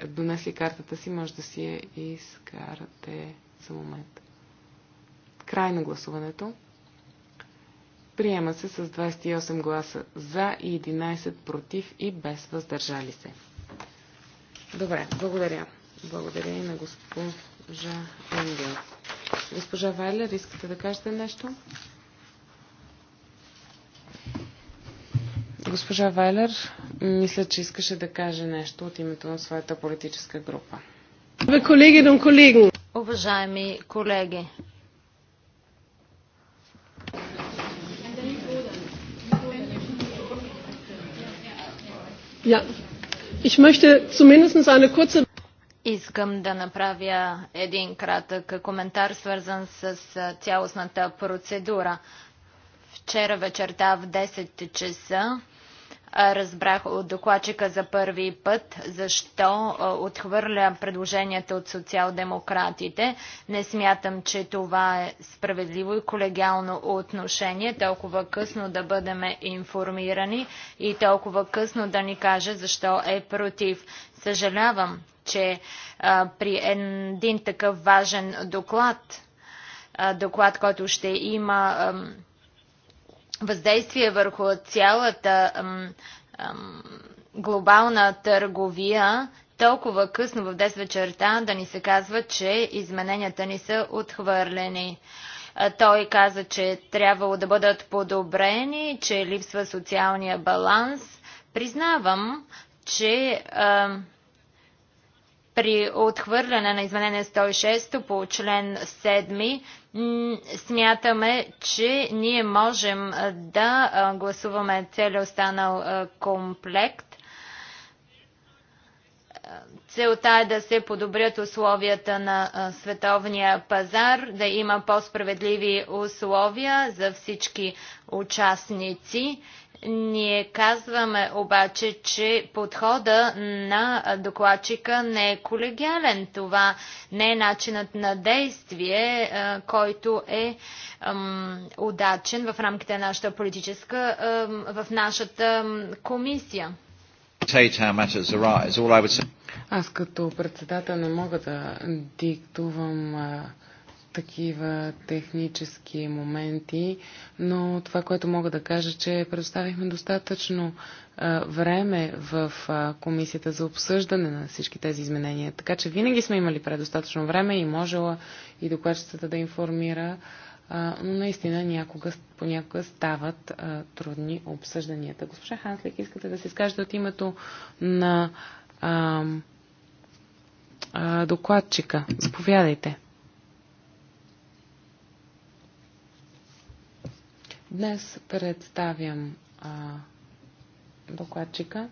донесли картата си, може да си я изкарате за момента. Край на гласуването. Приема се с 28 гласа за и 11 против и без въздържали се. Добре, благодаря. Благодаря и на госпожа Енгел. Госпожа Вайлер, искате да кажете нещо? Госпожа Вайлер, мисля, че искаше да каже нещо от името на своята политическа група. Колеги, колеги! Уважаеми колеги, Искам да направя един кратък коментар, свързан с цялостната процедура. Вчера вечерта в 10 часа Разбрах от докладчика за първи път защо отхвърля предложенията от социал-демократите. Не смятам, че това е справедливо и колегиално отношение. Толкова късно да бъдем информирани и толкова късно да ни каже защо е против. Съжалявам, че при един такъв важен доклад, доклад, който ще има въздействие върху цялата ам, ам, глобална търговия толкова късно в 10 вечерта да ни се казва, че измененията ни са отхвърлени. Той каза, че трябвало да бъдат подобрени, че липсва социалния баланс. Признавам, че ам, при отхвърляне на изменение 106 по член 7 смятаме, че ние можем да гласуваме целият останал комплект. Целта е да се подобрят условията на световния пазар, да има по-справедливи условия за всички участници ние казваме обаче, че подхода на докладчика не е колегиален. Това не е начинът на действие, е, който е удачен в рамките на нашата политическа, в нашата комисия. Аз като председател не мога да диктувам такива технически моменти, но това, което мога да кажа, че предоставихме достатъчно време в комисията за обсъждане на всички тези изменения. Така че винаги сме имали предостатъчно време и можела и докладчицата да информира, но наистина някога, понякога стават трудни обсъжданията. Госпожа Ханслик, искате да се изкажете от името на а, а, докладчика? Заповядайте. Днес представям а, докладчика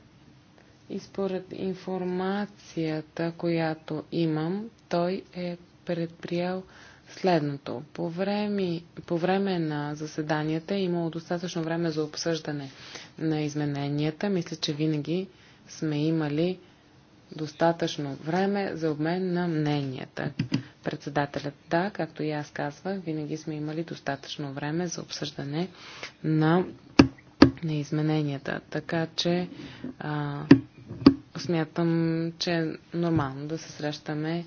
и според информацията, която имам, той е предприел следното. По време, по време на заседанията е имало достатъчно време за обсъждане на измененията. Мисля, че винаги сме имали достатъчно време за обмен на мненията. Председателят, да, както и аз казвах, винаги сме имали достатъчно време за обсъждане на, на измененията. Така че а, смятам, че е нормално да се срещаме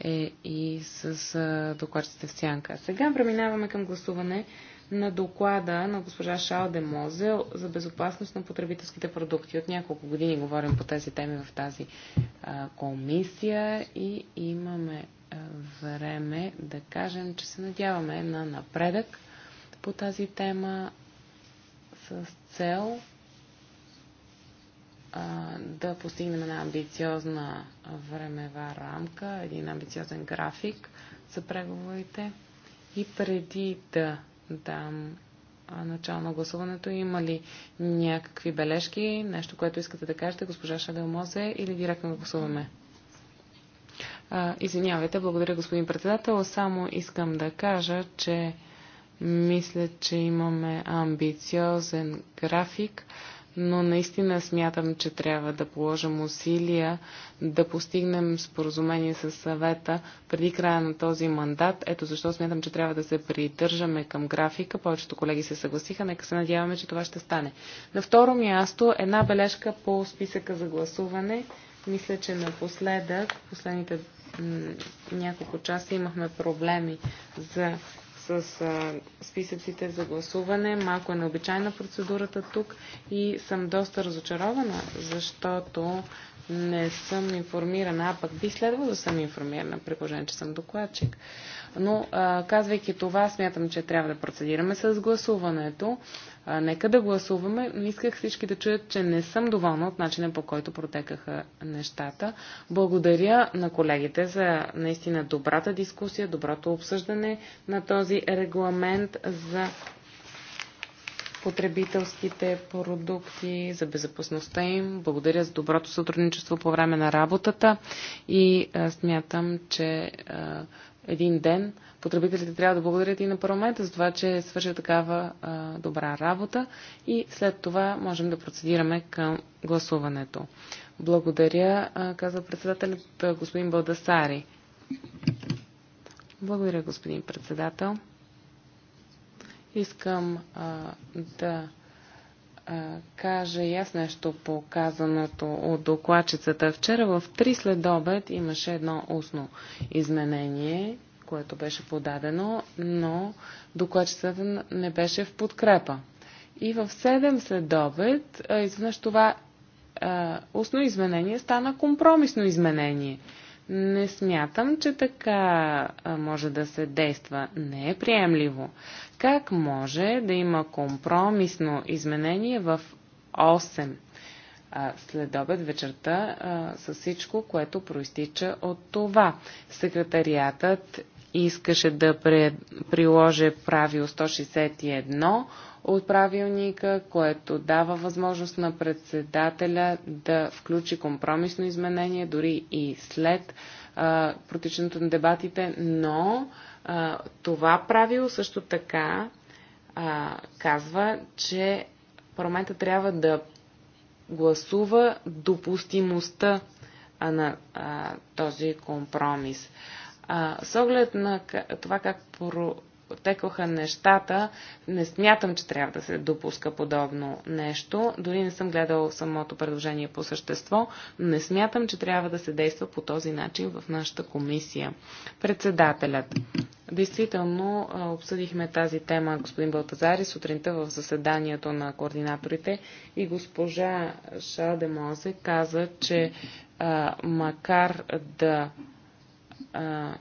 е, и с а, докладчите в сянка. Сега преминаваме към гласуване на доклада на госпожа Шао де Мозе за безопасност на потребителските продукти. От няколко години говорим по тези теми в тази а, комисия и имаме време да кажем, че се надяваме на напредък по тази тема с цел да постигнем една амбициозна времева рамка, един амбициозен график за преговорите. И преди да дам начало на гласуването, има ли някакви бележки, нещо, което искате да кажете, госпожа Шадел Мозе, или директно да гласуваме? А, извинявайте, благодаря господин председател. Само искам да кажа, че мисля, че имаме амбициозен график, но наистина смятам, че трябва да положим усилия да постигнем споразумение с съвета преди края на този мандат. Ето защо смятам, че трябва да се придържаме към графика. Повечето колеги се съгласиха. Нека се надяваме, че това ще стане. На второ място една бележка по списъка за гласуване. Мисля, че напоследък, последните няколко часа имахме проблеми за, с а, списъците за гласуване. Малко е необичайна процедурата тук и съм доста разочарована, защото не съм информирана, а пък би следвало да съм информирана, при положение, че съм докладчик. Но а, казвайки това, смятам, че трябва да процедираме с гласуването. А, нека да гласуваме, но исках всички да чуят, че не съм доволна от начина по който протекаха нещата. Благодаря на колегите за наистина добрата дискусия, доброто обсъждане на този регламент за потребителските продукти, за безопасността им. Благодаря за доброто сътрудничество по време на работата и смятам, че един ден потребителите трябва да благодарят и на парламента за това, че свършат такава добра работа и след това можем да процедираме към гласуването. Благодаря, казва председателят господин Балдасари. Благодаря, господин председател. Искам а, да а, кажа и аз нещо по казаното от докладчицата. Вчера в 3 след обед имаше едно устно изменение, което беше подадено, но докладчицата не беше в подкрепа. И в 7 след обед, изведнъж това а, устно изменение стана компромисно изменение. Не смятам, че така може да се действа. Не е приемливо. Как може да има компромисно изменение в 8 след обед вечерта с всичко, което проистича от това? Секретариатът искаше да приложи правил 161 от правилника, което дава възможност на председателя да включи компромисно изменение дори и след протичането на дебатите, но това правило също така а, казва, че парламента трябва да гласува допустимостта на а, този компромис. А, с оглед на това как про, протекоха нещата, не смятам, че трябва да се допуска подобно нещо. Дори не съм гледал самото предложение по същество, но не смятам, че трябва да се действа по този начин в нашата комисия. Председателят. Действително обсъдихме тази тема, господин Балтазари, сутринта в заседанието на координаторите и госпожа Шалдемозе каза, че а, макар да а,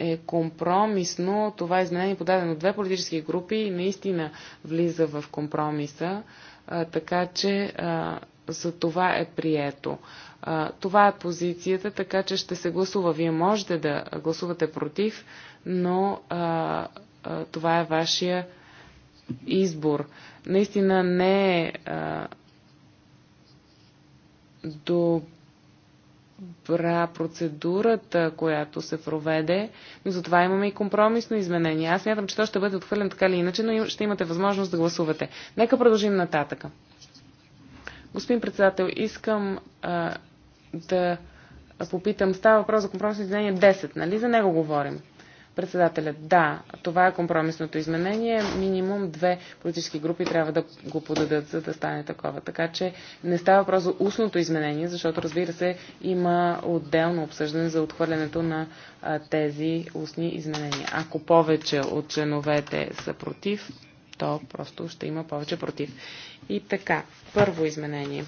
е компромисно. Това изменение подадено от две политически групи и наистина влиза в компромиса, а, така че а, за това е прието. А, това е позицията, така че ще се гласува. Вие можете да гласувате против, но а, а, това е вашия избор. Наистина не е а, до добра процедурата, която се проведе, но затова имаме и компромисно изменение. Аз мятам, че то ще бъде отхвърлен така или иначе, но ще имате възможност да гласувате. Нека продължим нататъка. Господин председател, искам а, да попитам, става въпрос за компромисно изменение 10, нали? За него говорим. Председателят, да, това е компромисното изменение. Минимум две политически групи трябва да го подадат, за да стане такова. Така че не става въпрос за устното изменение, защото разбира се има отделно обсъждане за отхвърлянето на а, тези устни изменения. Ако повече от членовете са против, то просто ще има повече против. И така, първо изменение.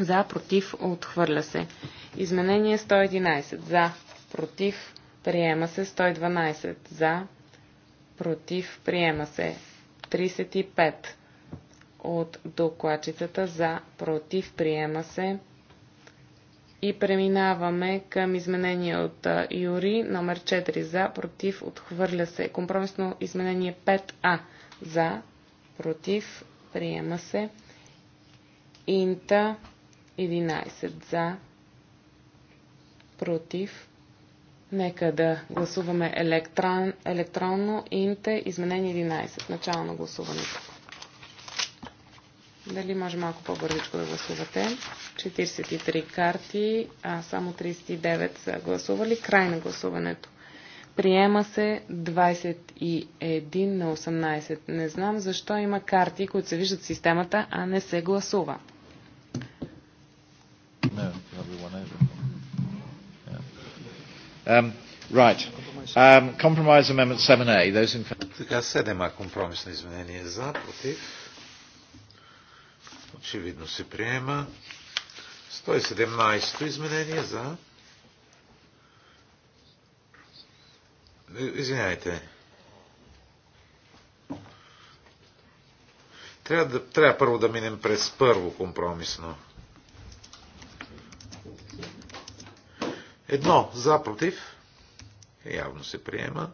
За, против, отхвърля се. Изменение 111. За, против, Приема се 112. За. Против. Приема се 35. От докладчицата за. Против. Приема се. И преминаваме към изменение от Юри. Номер 4. За. Против. Отхвърля се. Компромисно изменение 5А. За. Против. Приема се. Инта 11 за, против, Нека да гласуваме електрон, електронно инте изменение 11. Начало на гласуването. Дали може малко по-бързичко да гласувате? 43 карти, а само 39 са гласували. Край на гласуването. Приема се 21 на 18. Не знам защо има карти, които се виждат в системата, а не се гласува. Um, right. Um, compromise amendment 7A. Those in Така, 7 компромисно изменение за, против. Очевидно се приема. 117-то изменение за. Извинявайте. Трябва, да, трябва първо да минем през първо компромисно. Едно за против. Явно се приема.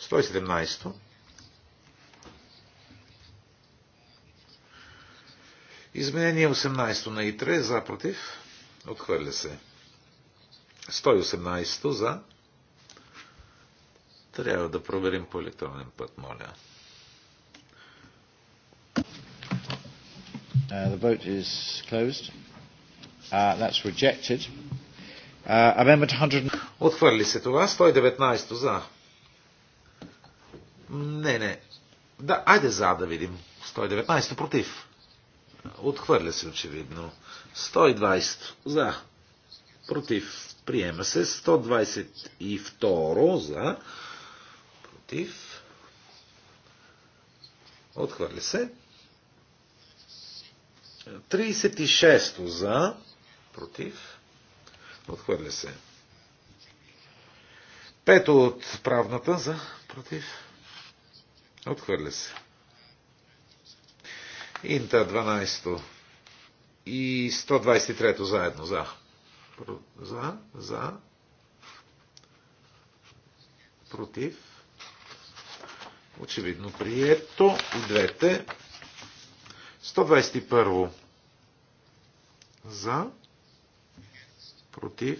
117. Изменение 18 на ИТРЕ за против. Отхвърля се. 118 за. Трябва да проверим по електронен път, моля. Uh, the vote is closed. Uh, that's rejected. Uh, amendment 100... Отхвърли се това. 119 за. Не, не. Да, айде за да видим. 119 против. Отхвърля се очевидно. 120 за. Против. Приема се. 122 за. Против. Отхвърля се. 36 за против, отхвърля се. Пето от правната за против, отхвърля се. Инта 12 и 123 заедно за. За, за, против. Очевидно прието. И двете. 121. За против,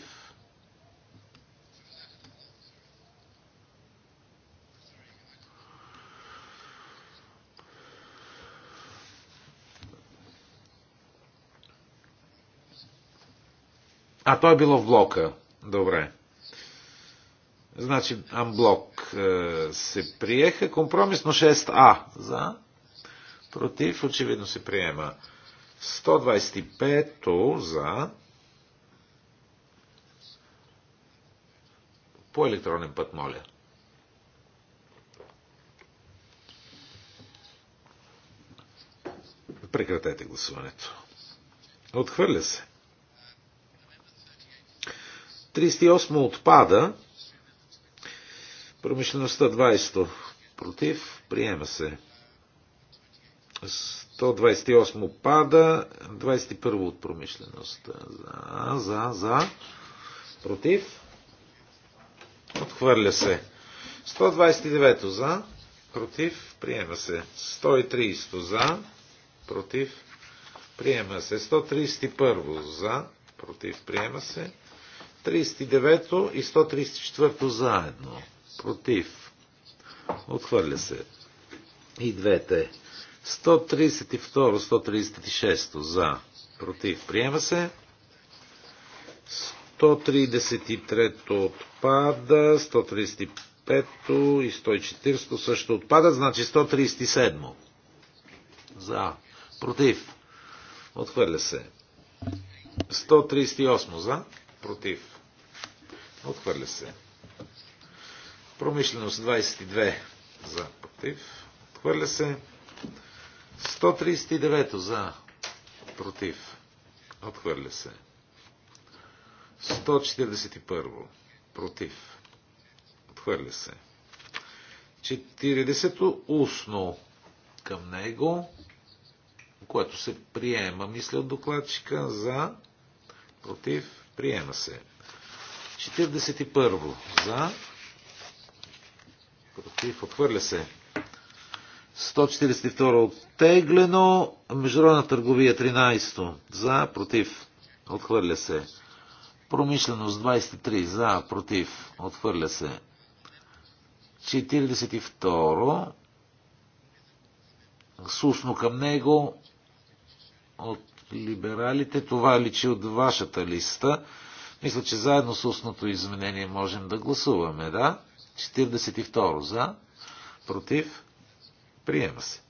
А, то е било в блока. Добре. Значи, амблок е, се приеха. Компромисно 6А. За. Против. Очевидно се приема. 125 за. по електронен път, моля. Прекратете гласуването. Отхвърля се. 38 отпада. Промишлеността 20. Против. Приема се. 128 пада. 21 от промишлеността. За, за, за. Против. Отхвърля се. 129 за. Против. Приема се. 130 за. Против. Приема се. 131 за. Против. Приема се. 39 и 134 заедно. Против. Отхвърля се. И двете. 132-136 за. Против. Приема се. 133 отпада, 135 и 140 също отпада, значи 137. За. Против. Отхвърля се. 138 за. Против. Отхвърля се. Промишленост 22 за. Против. Отхвърля се. 139 за. Против. Отхвърля се. 141. Против. Отхвърля се. 40 устно към него, което се приема, мисля, от докладчика за против. Приема се. 41 за против. Отхвърля се. 142 оттеглено. Международна търговия 13 за против. Отхвърля се. Промишленост 23 за, против, отхвърля се. 42 сусно към него от либералите. Това личи от вашата листа. Мисля, че заедно с устното изменение можем да гласуваме, да? 42 за, против, приема се.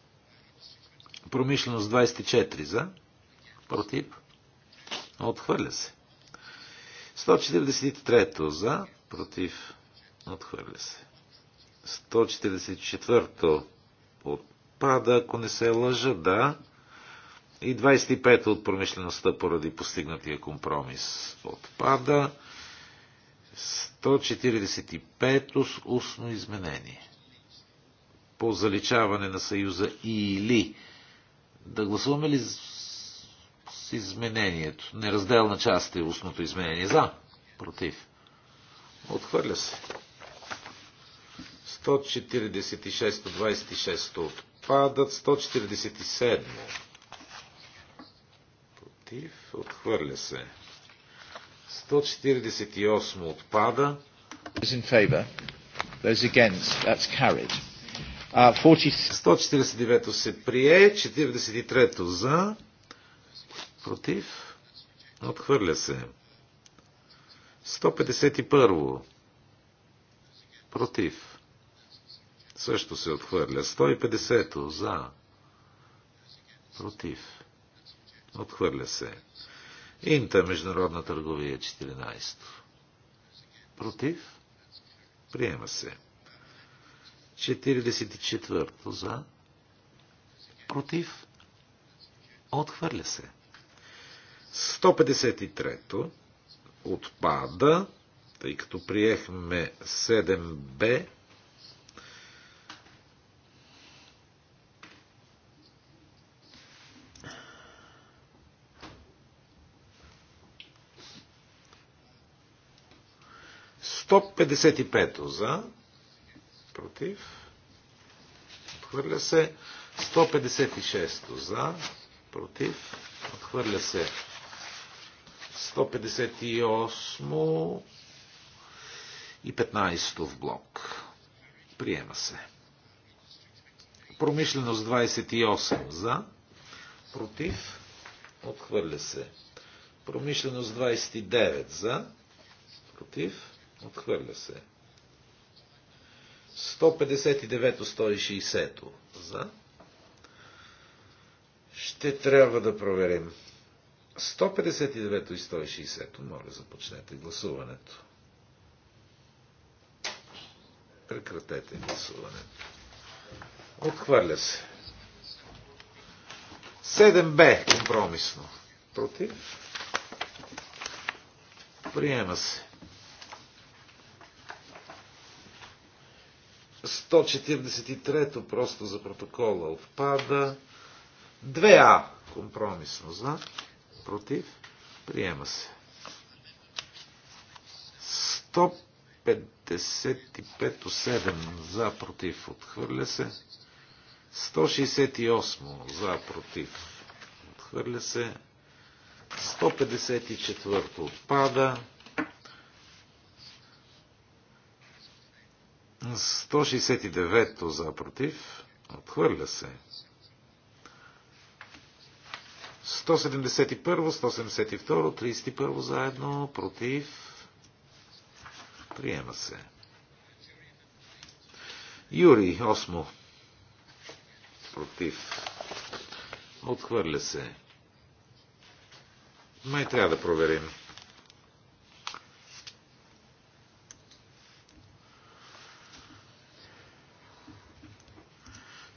Промишленост 24 за, против, отхвърля се. 143 то за, против, отхвърля се. 144 то отпада, ако не се лъжа, да. И 25 то от промишлеността поради постигнатия компромис отпада. 145 с устно изменение. По заличаване на съюза или. Да гласуваме ли с изменението. Неразделна част е устното изменение. За. Против. Отхвърля се. 146-26 отпадат. 147. Против. Отхвърля се. 148 отпада. Is in favor. Those against. That's carried. Uh, 40... 149 се прие. 43 за Против. Отхвърля се. 151. Против. Също се отхвърля. 150. За. Против. Отхвърля се. Инта международна търговия 14. Против. Приема се. 44. За. Против. Отхвърля се. 153 отпада, тъй като приехме 7b. Сто петдесет пето за, против, отхвърля се, сто и шесто за, против, отхвърля се, 158 и 15 в блок. Приема се. Промишленост 28 за, против, отхвърля се. Промишленост 29 за, против, отхвърля се. 159-160 за. Ще трябва да проверим. 159 и 160. Моля, започнете гласуването. Прекратете гласуването. Отхвърля се. 7Б компромисно. Против. Приема се. 143-то просто за протокола отпада. 2А компромисно за. Против. Приема се. 155-7 за против. Отхвърля се. 168 за против. Отхвърля се. 154 отпада. 169 за против. Отхвърля се. 171, 172, 31 заедно, против. Приема се. Юри, 8. Против. Отхвърля се. Май трябва да проверим.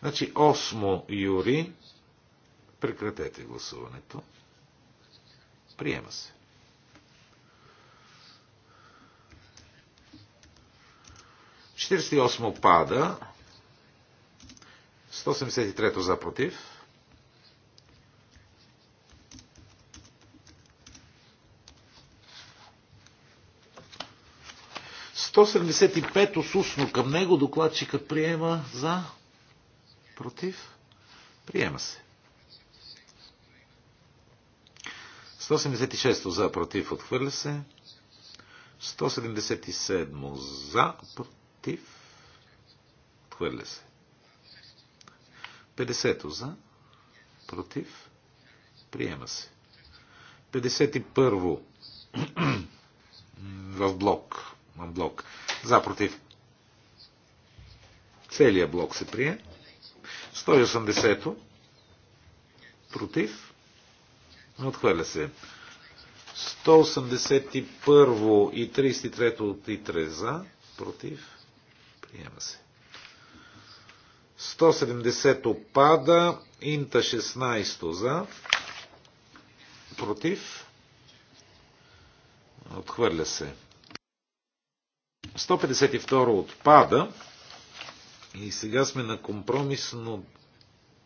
Значи 8 юри, Прекратете гласуването. Приема се. Четиридесет осмо пада. 173 за против. Сто седемдесет сусно към него докладчикът приема за против. Приема се. 176 за, против, отхвърля се. 177 за, против, отхвърля се. 50 за, против, приема се. 51 <clears throat> в блок, В блок, за, против. Целият блок се прие. 180 против, Отхвърля се. 181 и 33 от Итре за. Против. Приема се. 170 опада. Инта 16 за. Против. Отхвърля се. 152 отпада. И сега сме на компромисно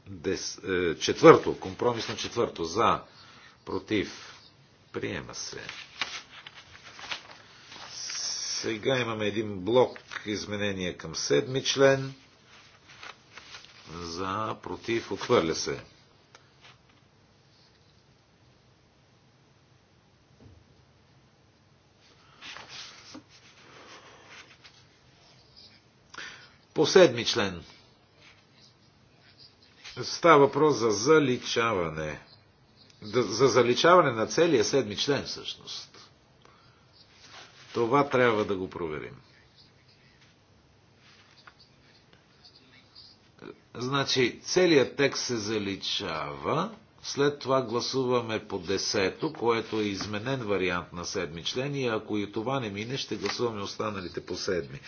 дес... Е, четвърто. Компромисно четвърто. За. Против. Приема се. Сега имаме един блок изменения към седми член. За, против, отхвърля се. По седми член. Става въпрос за заличаване за заличаване на целия седми член всъщност. Това трябва да го проверим. Значи, целият текст се заличава, след това гласуваме по десето, което е изменен вариант на седми член и ако и това не мине, ще гласуваме останалите по седми.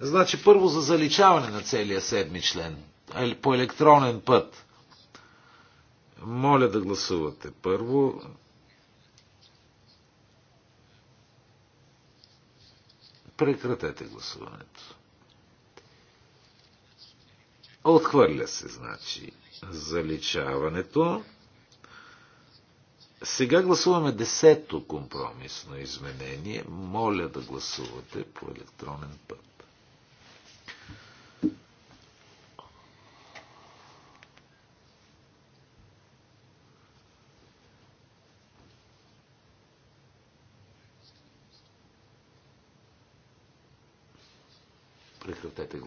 Значи, първо за заличаване на целия седми член, по електронен път. Моля да гласувате първо. Прекратете гласуването. Отхвърля се, значи, заличаването. Сега гласуваме десето компромисно изменение. Моля да гласувате по електронен път.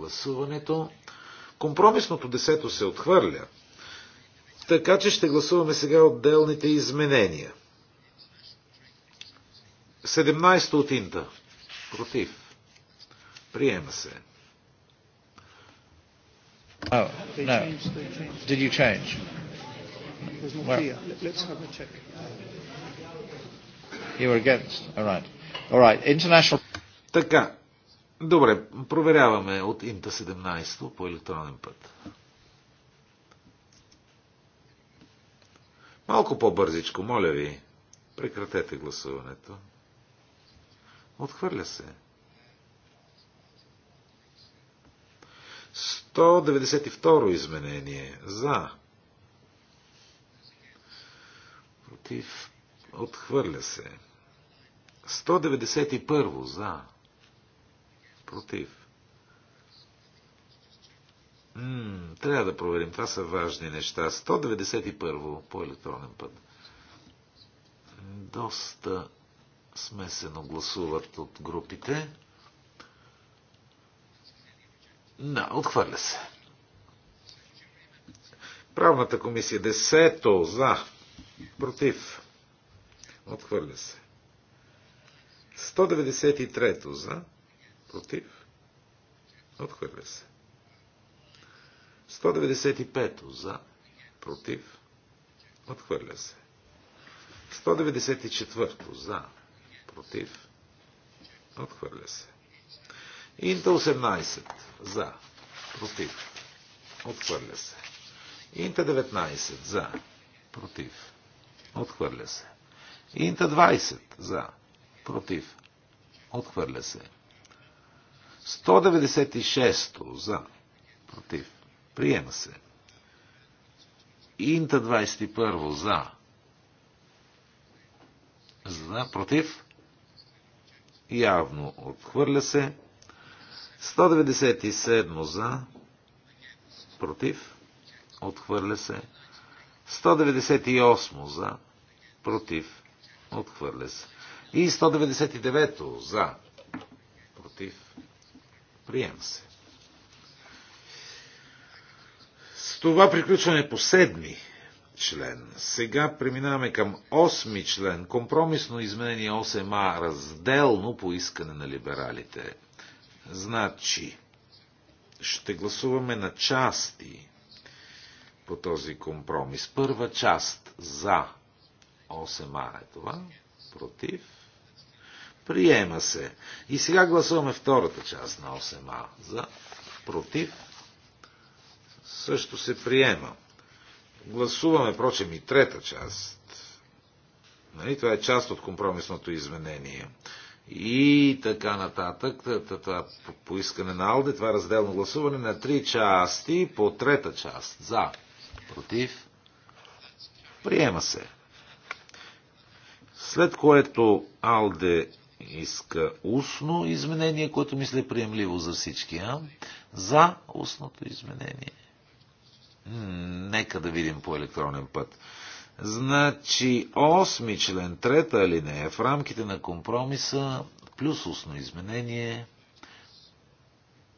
гласуването. Компромисното десето се отхвърля. Така че ще гласуваме сега отделните изменения. 17 от Инта. Против. Приема се. Oh, no. Did you change? Well, You were against. All right. All right. International. Така. Добре, проверяваме от Инта 17 по електронен път. Малко по-бързичко, моля ви. Прекратете гласуването. Отхвърля се. 192 изменение. За. Против. Отхвърля се. 191 за. Против. М -м, трябва да проверим. Това са важни неща. 191 по електронен път. Доста смесено гласуват от групите. Да, отхвърля се. Правната комисия. Десето за. Против. Отхвърля се. 193 за против, отхвърля се. 195 за, против, отхвърля се. 194 за, против, отхвърля се. Инта 18 за, против, отхвърля се. Инта 19 за, против, отхвърля се. Инта 20 за, против, отхвърля се. 196 за. Против. Приема се. Инта 21 за. За. Против. Явно отхвърля се. 197 за. Против. Отхвърля се. 198 за. Против. Отхвърля се. И 199 за. Против Приема се. С това приключване по седми член. Сега преминаваме към осми член. Компромисно изменение 8А, разделно по искане на либералите. Значи, ще гласуваме на части по този компромис. Първа част за 8А е това, против, Приема се. И сега гласуваме втората част на 8а. За, против, също се приема. Гласуваме, прочем, и трета част. Нали? Това е част от компромисното изменение. И така нататък, това поискане на Алде, това е разделно гласуване на три части по трета част. За, против, приема се. След което Алде иска устно изменение, което мисля е приемливо за всички. А? За устното изменение. Нека да видим по електронен път. Значи, 8 член, трета алинея, в рамките на компромиса, плюс устно изменение,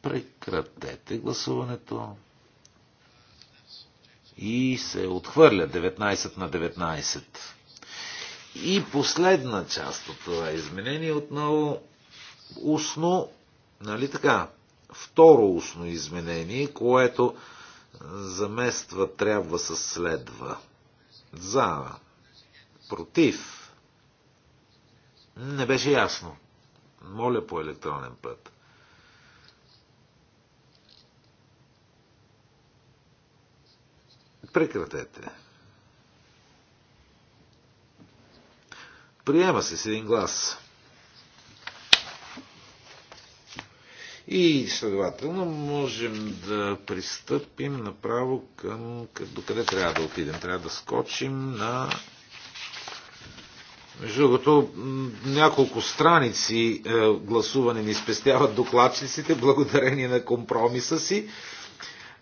прекратете гласуването и се отхвърля 19 на 19. И последна част от това изменение отново устно, нали така, второ устно изменение, което замества трябва с следва. За, против, не беше ясно. Моля по електронен път. Прекратете. Приема се с един глас. И следователно можем да пристъпим направо към до къде трябва да отидем. Трябва да скочим на между другото, няколко страници е, гласуване ни спестяват докладчиците, благодарение на компромиса си.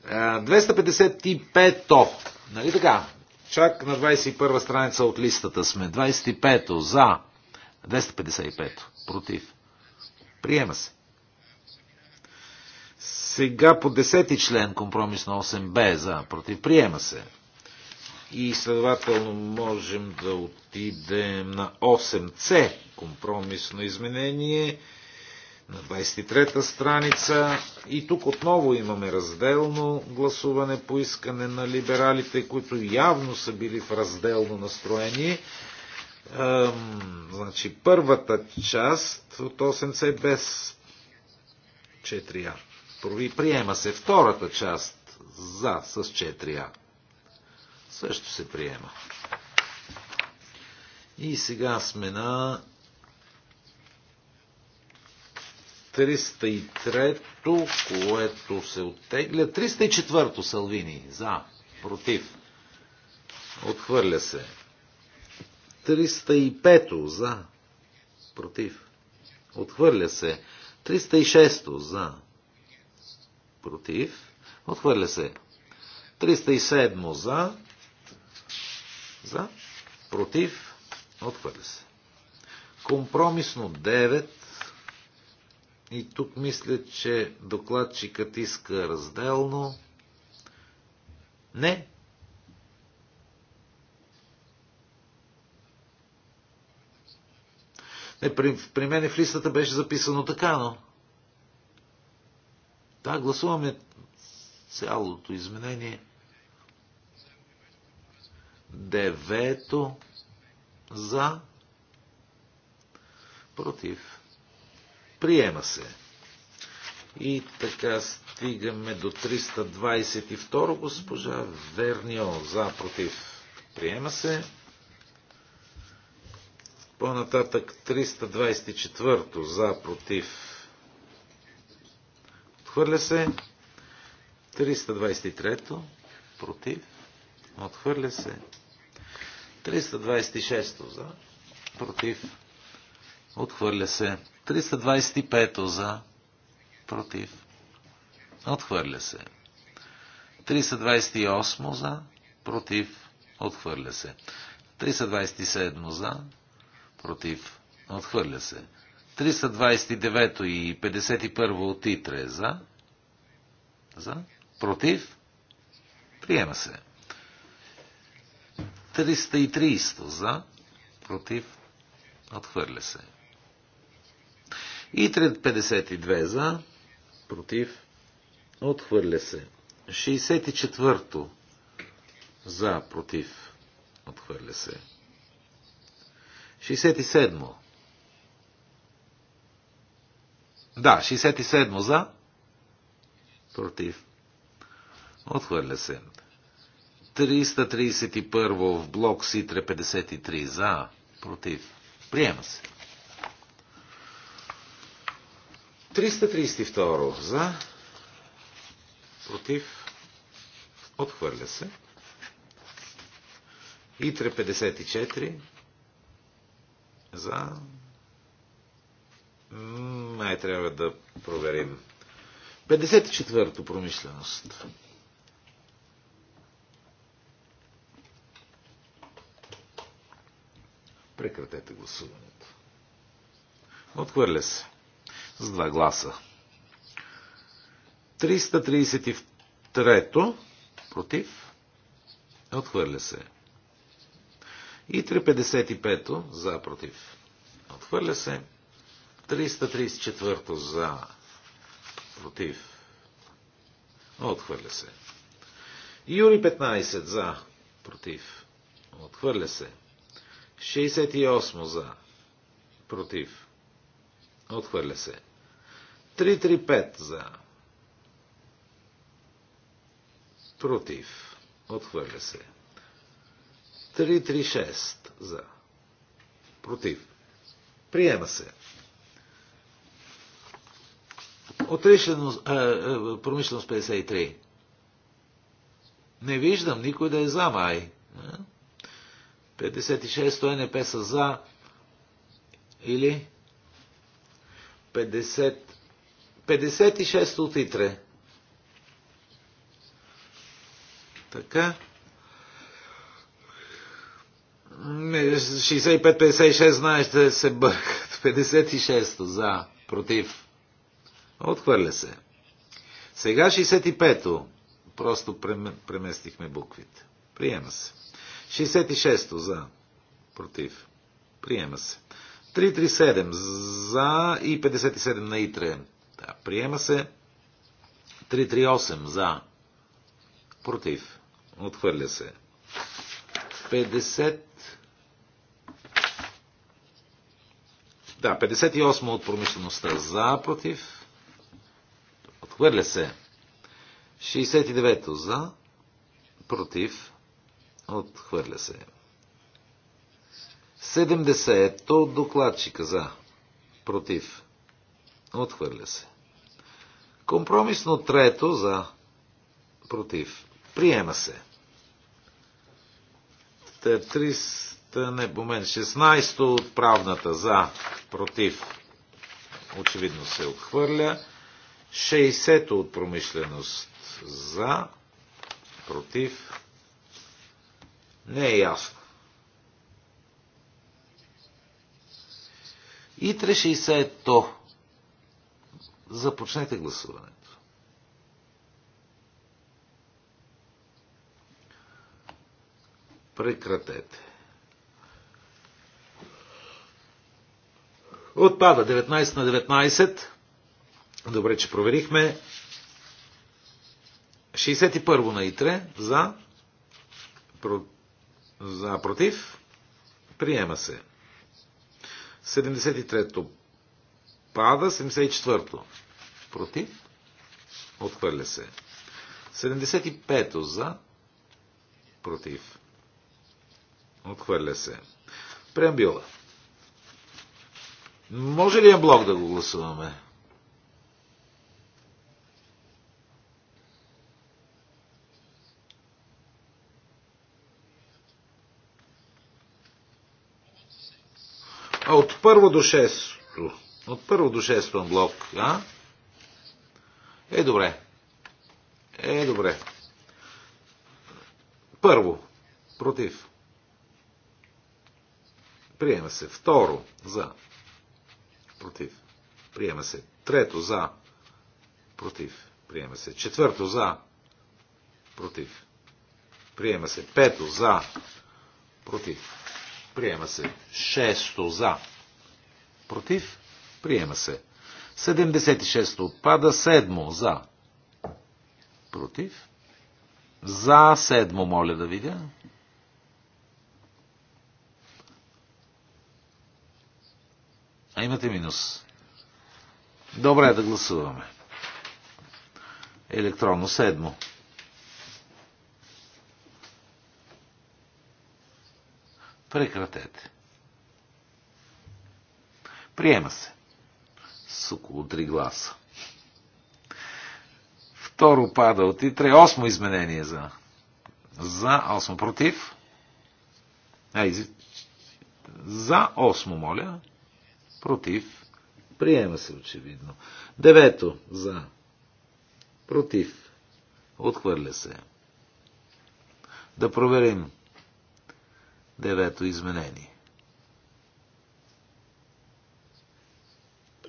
Е, 255-то, нали така? Чак на 21 страница от листата сме. 25-то за. 255-то против. Приема се. Сега по 10-ти член компромис на 8б за против. Приема се. И следователно можем да отидем на 8c компромисно изменение на 23-та страница. И тук отново имаме разделно гласуване по искане на либералите, които явно са били в разделно настроение. Ем, значи първата част от 8C без 4А. Първи приема се втората част за с 4А. Също се приема. И сега сме на 303-то, което се оттегля. 304-то Салвини. За. Против. Отхвърля се. 305-то. За. Против. Отхвърля се. 306-то. За. Против. Отхвърля се. 307 за. За. Против. Отхвърля се. Компромисно 9 и тук мисля, че докладчикът иска разделно. Не. Не, при, при мен в листата беше записано така, но... Да, гласуваме цялото изменение. Девето за против Приема се. И така стигаме до 322. Госпожа Вернио за против. Приема се. По-нататък 324 за против. Отхвърля се. 323 против. Отхвърля се. 326 за против. Отхвърля се. 325 за. Против. Отхвърля се. 328 за. Против. Отхвърля се. 327 за. Против. Отхвърля се. 329 и 51 от Итре за. За. Против. Приема се. 330 за. Против. Отхвърля се. 331. И 52 за, против, отхвърля се. 64-то за, против, отхвърля се. 67-мо. Да, 67 за. Против. Отхвърля се. 331 в блок Ситре 53 за. Против. Приема се. 332 за, против, отхвърля се. Итре 54 за. Май трябва да проверим. 54-то промишленост. Прекратете гласуването. Отхвърля се с два гласа. 333 против отхвърля се. И 355 за против отхвърля се. 334 за против отхвърля се. Юри 15 за против отхвърля се. 68 за против Отхвърля се. 335 за. Против. Отхвърля се. 336 за. Против. Приема се. Отрешено, е, е, промишленост 53. Не виждам никой да е за май. 56 не са за или 56 от Итре. Така. 65-56, знаете, се бъркат. 56 <laughs> за, против. Отхвърля се. Сега 65-то. Просто преместихме буквите. Приема се. 66-то за, против. Приема се. 337 за и 57 на ИТРЕ. Да, приема се. 338 за. Против. Отхвърля се. 50. Да, 58 от промишлеността за, против. Отхвърля се. 69 за, против. Отхвърля се. 70 от докладчика за. Против. Отхвърля се. Компромисно трето за. Против. Приема се. 300, не, момент, 16 от правната за. Против. Очевидно се отхвърля. 60 от промишленост за. Против. Не е ясно. И 360-то. Започнете гласуването. Прекратете. Отпада 19 на 19. Добре, че проверихме. 61 на ИТРЕ за, за против. Приема се. 73-то пада, 74-то против, отхвърля се. 75-то за, против, отхвърля се. Преамбила. Може ли е блок да го гласуваме? От първо до шесто. От първо до шесто блок. А? Е, добре. Е, добре. Първо. Против. Приема се. Второ. За. Против. Приема се. Трето. За. Против. Приема се. Четвърто. За. Против. Приема се. Пето. За. Против. Приема се. Шесто. За Против? Приема се. 76 отпада. 7 за. Против? За седмо, моля да видя. А имате минус. Добре, да гласуваме. Електронно седмо. Прекратете. Приема се. С около три гласа. Второ пада от Итре. Осмо изменение за. За. Осмо против. А, из... За. Осмо, моля. Против. Приема се, очевидно. Девето. За. Против. Отхвърля се. Да проверим девето изменение.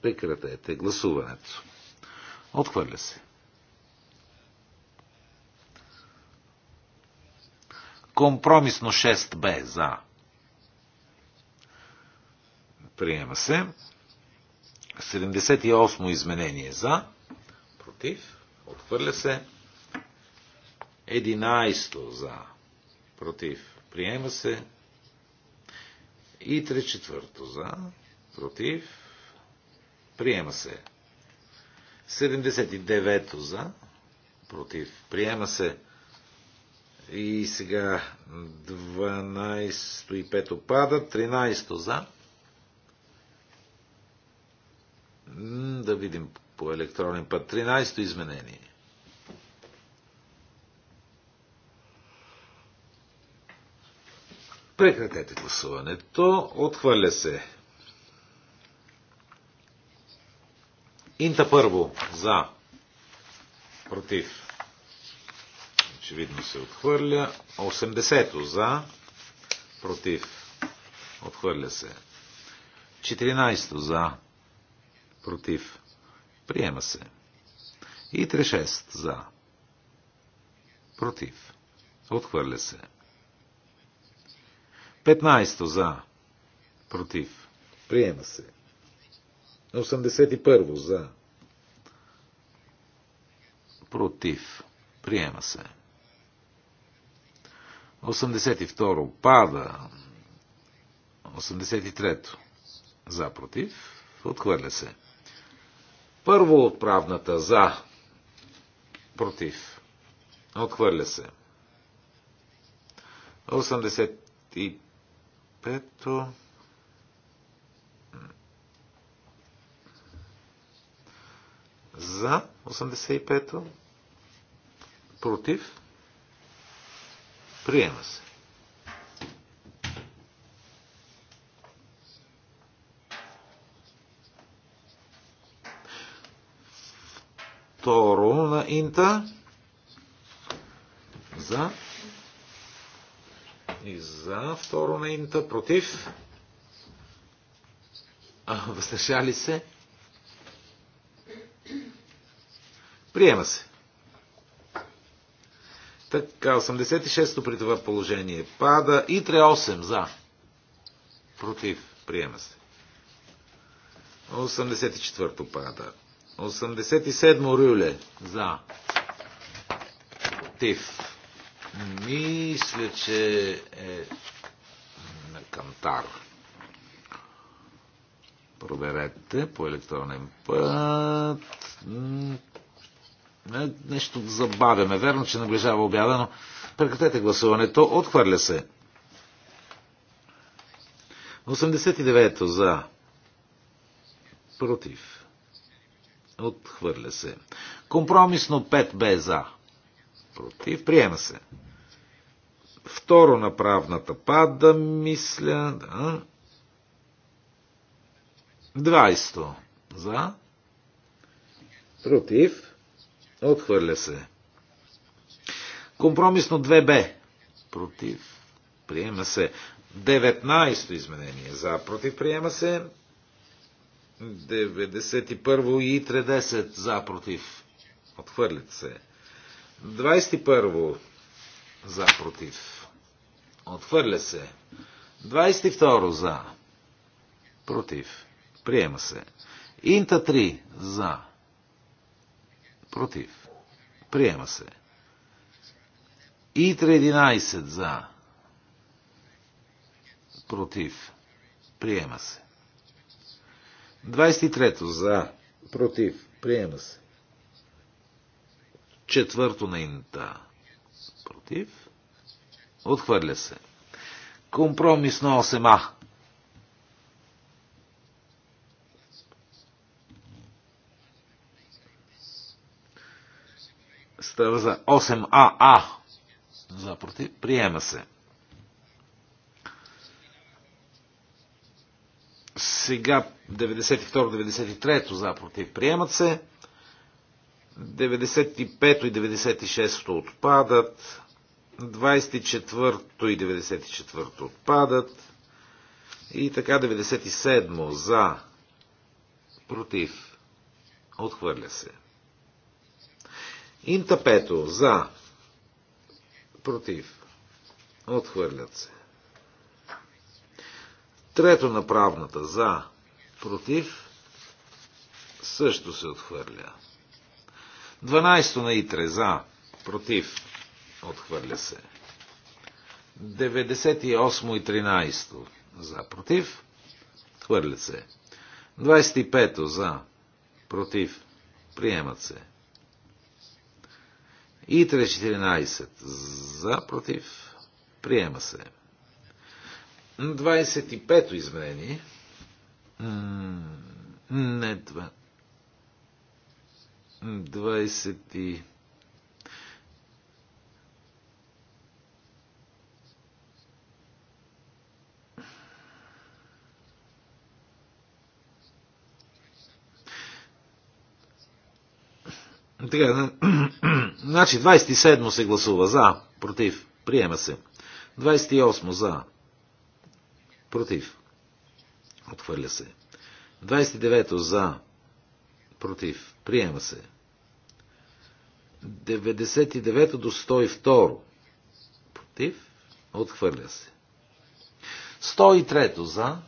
Прекратете гласуването. Отхвърля се. Компромисно 6Б за. Приема се. 78 изменение за. Против. Отхвърля се. 11 за. Против. Приема се. И 3 четвърто за. Против. Приема се. 79-то за. Против. Приема се. И сега 12 и 5 пада. 13 за. Да видим по електронен път. 13 то изменение. Прекратете гласуването. Отхвърля се. Инта първо. За. Против. Очевидно се отхвърля. 80-то. За. Против. Отхвърля се. 14-то. За. Против. Приема се. И 36 За. Против. Отхвърля се. 15-то. За. Против. Приема се. 16 81 за. Против. Приема се. 82 пада. 83 за против. Отхвърля се. Първо отправната за. Против. Отхвърля се. 85-то. За 85-то. Против. Приема се. Второ на Инта. За. И за второ на Инта. Против. Въздържали се. Приема се. Така, 86-то при това положение пада. И 3-8 за. Против. Приема се. 84-то пада. 87 о Рюле. За. Против. Мисля, че е на кантар. Проверете по електронен път. Е, нещо забавяме. Верно, че наближава обяда, но прекратете гласуването. Отхвърля се. 89-то за. Против. Отхвърля се. Компромисно 5 бе за. Против. Приема се. Второ на правната пада, мисля. Да. 20 за. Против. Отхвърля се. Компромисно 2Б. Против. Приема се. 19-то изменение. За. Против. Приема се. 91 и 30 за против. Отхвърлят се. 21 за против. Отхвърля се. 22 за против. Приема се. Инта 3 за Против. Приема се. И 13 за. Против. Приема се. 23 за. Против. Приема се. Четвърто на инта. Против. Отхвърля се. Компромис на 8а. става за 8АА. За против. Приема се. Сега 92-93 за против. Приемат се. 95 и 96 отпадат. 24 и 94 то отпадат. И така 97 за против. Отхвърля се. Инта пето. За. Против. Отхвърлят се. Трето на правната. За. Против. Също се отхвърля. Дванайсто на Итре. За. Против. Отхвърля се. 98 и 13. За. Против. Хвърлят се. 25 за. Против. Приемат се. И 314 за, против, приема се. 25-то изменение. Не, това. 20. Така, Значи 27 се гласува за, против, приема се. 28 за, против, отхвърля се. 29 за, против, приема се. 99 до 102 против, отхвърля се. 103 за,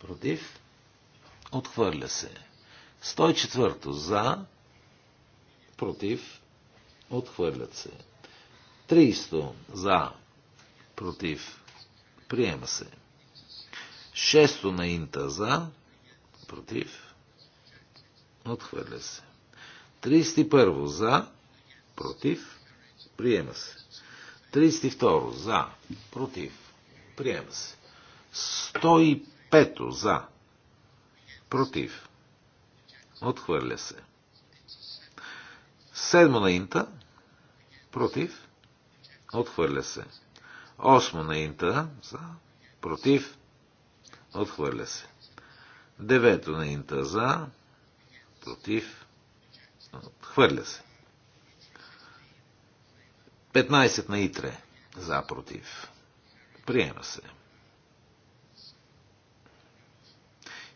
против, отхвърля се. 104 за, против, Отхвърлят се. 300 за. Против. Приема се. 6 на инта за. Против. Отхвърля се. 31 за. Против. Приема се. 32 за. Против. Приема се. 105 за. Против. Отхвърля се. Седмо на инта. Против. Отхвърля се. Осмо на Инта. За. Против. Отхвърля се. Девето на Инта. За. Против. Отхвърля се. 15 на Итре. За. Против. Приема се.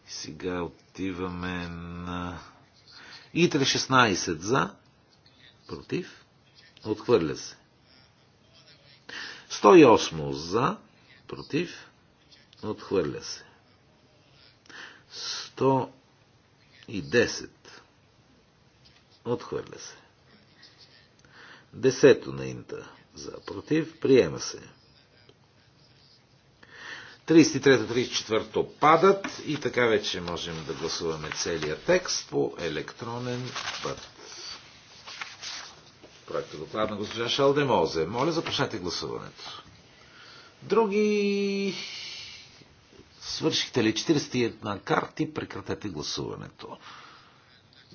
И сега отиваме на Итре 16 за. Против. Отхвърля се. 108 за, против, отхвърля се. 110 отхвърля се. Десето на инта за, против, приема се. 33-34 падат и така вече можем да гласуваме целият текст по електронен път проекта доклад на госпожа Шалдемозе. Моля, започнете гласуването. Други... Свършихте ли 41 карти, прекратете гласуването.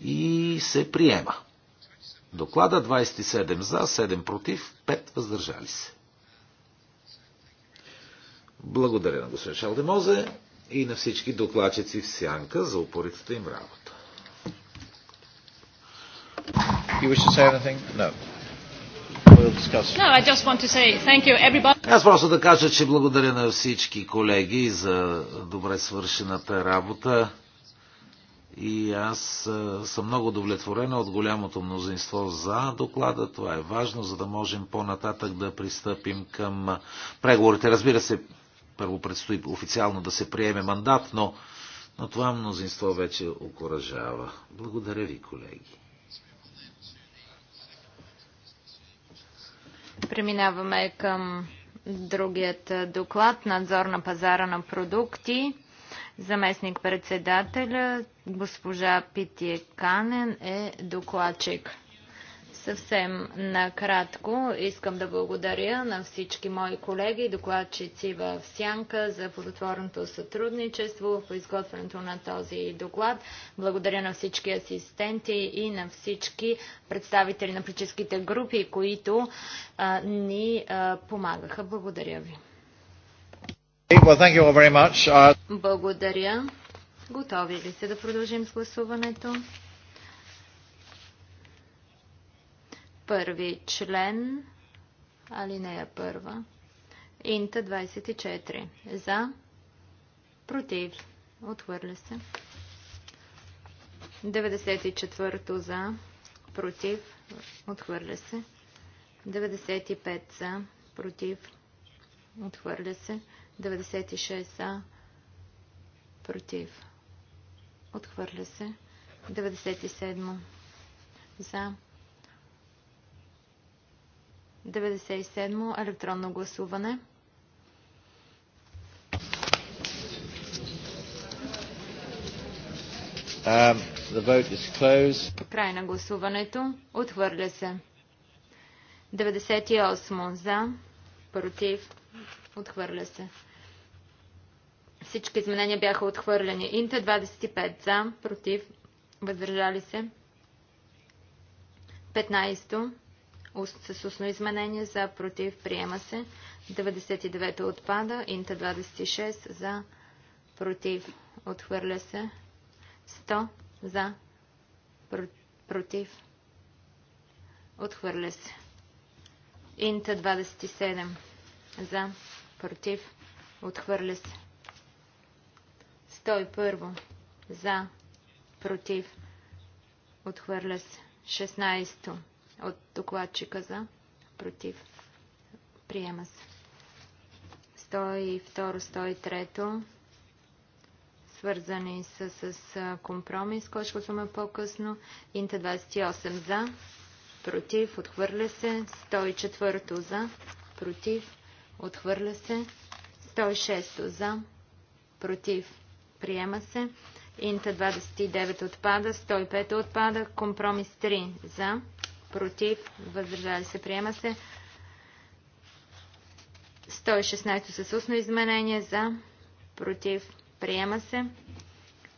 И се приема. Доклада 27 за, 7 против, 5 въздържали се. Благодаря на господин Шалдемозе и на всички докладчици в Сянка за упоритата им работа. You wish to say anything? No. No, Аз просто да кажа, че благодаря на всички колеги за добре свършената работа. И аз съм много удовлетворена от голямото мнозинство за доклада. Това е важно, за да можем по-нататък да пристъпим към преговорите. Разбира се, първо предстои официално да се приеме мандат, но, но това мнозинство вече окоръжава. Благодаря ви, колеги. Преминаваме към другият доклад надзор на пазара на продукти. Заместник председателя госпожа Питие Канен е докладчик. Съвсем накратко искам да благодаря на всички мои колеги, докладчици в Сянка за плодотворното сътрудничество в изготвянето на този доклад. Благодаря на всички асистенти и на всички представители на политическите групи, които а, ни а, помагаха. Благодаря ви. Uh, благодаря. Готови ли сте да продължим с гласуването? Първи член, алинея първа. Инта 24. За. Против. Отхвърля се. 94 за. Против. Отхвърля се. 95 за. Против. Отхвърля се. 96 за. Против. Отхвърля се. 97 за. 97. Електронно гласуване. Um, Край на гласуването. Отхвърля се. 98. За. Против. Отхвърля се. Всички изменения бяха отхвърлени. Инта 25. За. Против. Въздържали се. 15 с устно изменение за против приема се. 99 отпада. Инта 26 за против отхвърля се. 100 за против отхвърля се. Инта 27 за против отхвърля се. 101 за против отхвърля се. 16 от докладчика за против. Приема се. 102-103 свързани са с компромис, който ще гласуваме по-късно. Инта 28 за, против, отхвърля се. 104 за, против, отхвърля се. 106 за, против, приема се. Инта 29 отпада, 105 отпада, компромис 3 за, против, въздържали се, приема се. 116 с устно изменение за, против, приема се.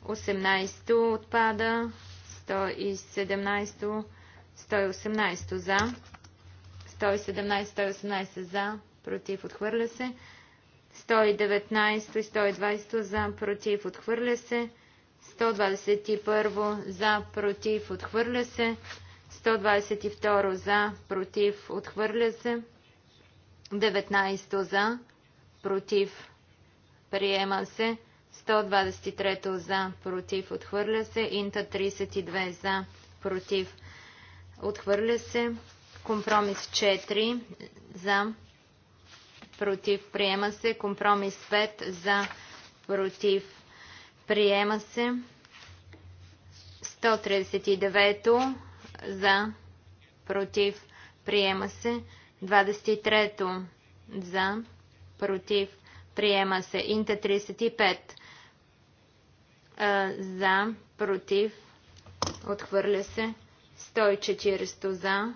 18 отпада, 117, 118 за, 117, 118 за, против, отхвърля се. 119 и 120 за, против, отхвърля се. 121 за, против, отхвърля се. 122 за, против, отхвърля се. 19 за, против, приема се. 123 за, против, отхвърля се. Инта 32 за, против, отхвърля се. Компромис 4 за, против, приема се. Компромис 5 за, против, приема се. 139 за, против, приема се. 23 за, против, приема се. Инта 35 за, против, отхвърля се. 140 за,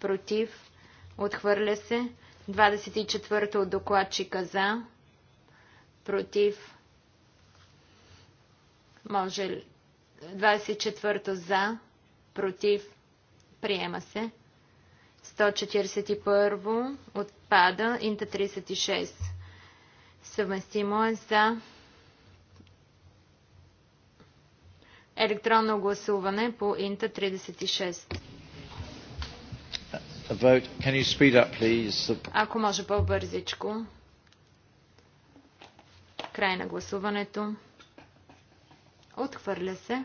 против, отхвърля се. 24 от докладчика за, против, може 24 за, против, приема се. 141 отпада, инта 36 съвместимо е за електронно гласуване по инта 36. Up, Ако може по-бързичко. Край на гласуването. Отхвърля се.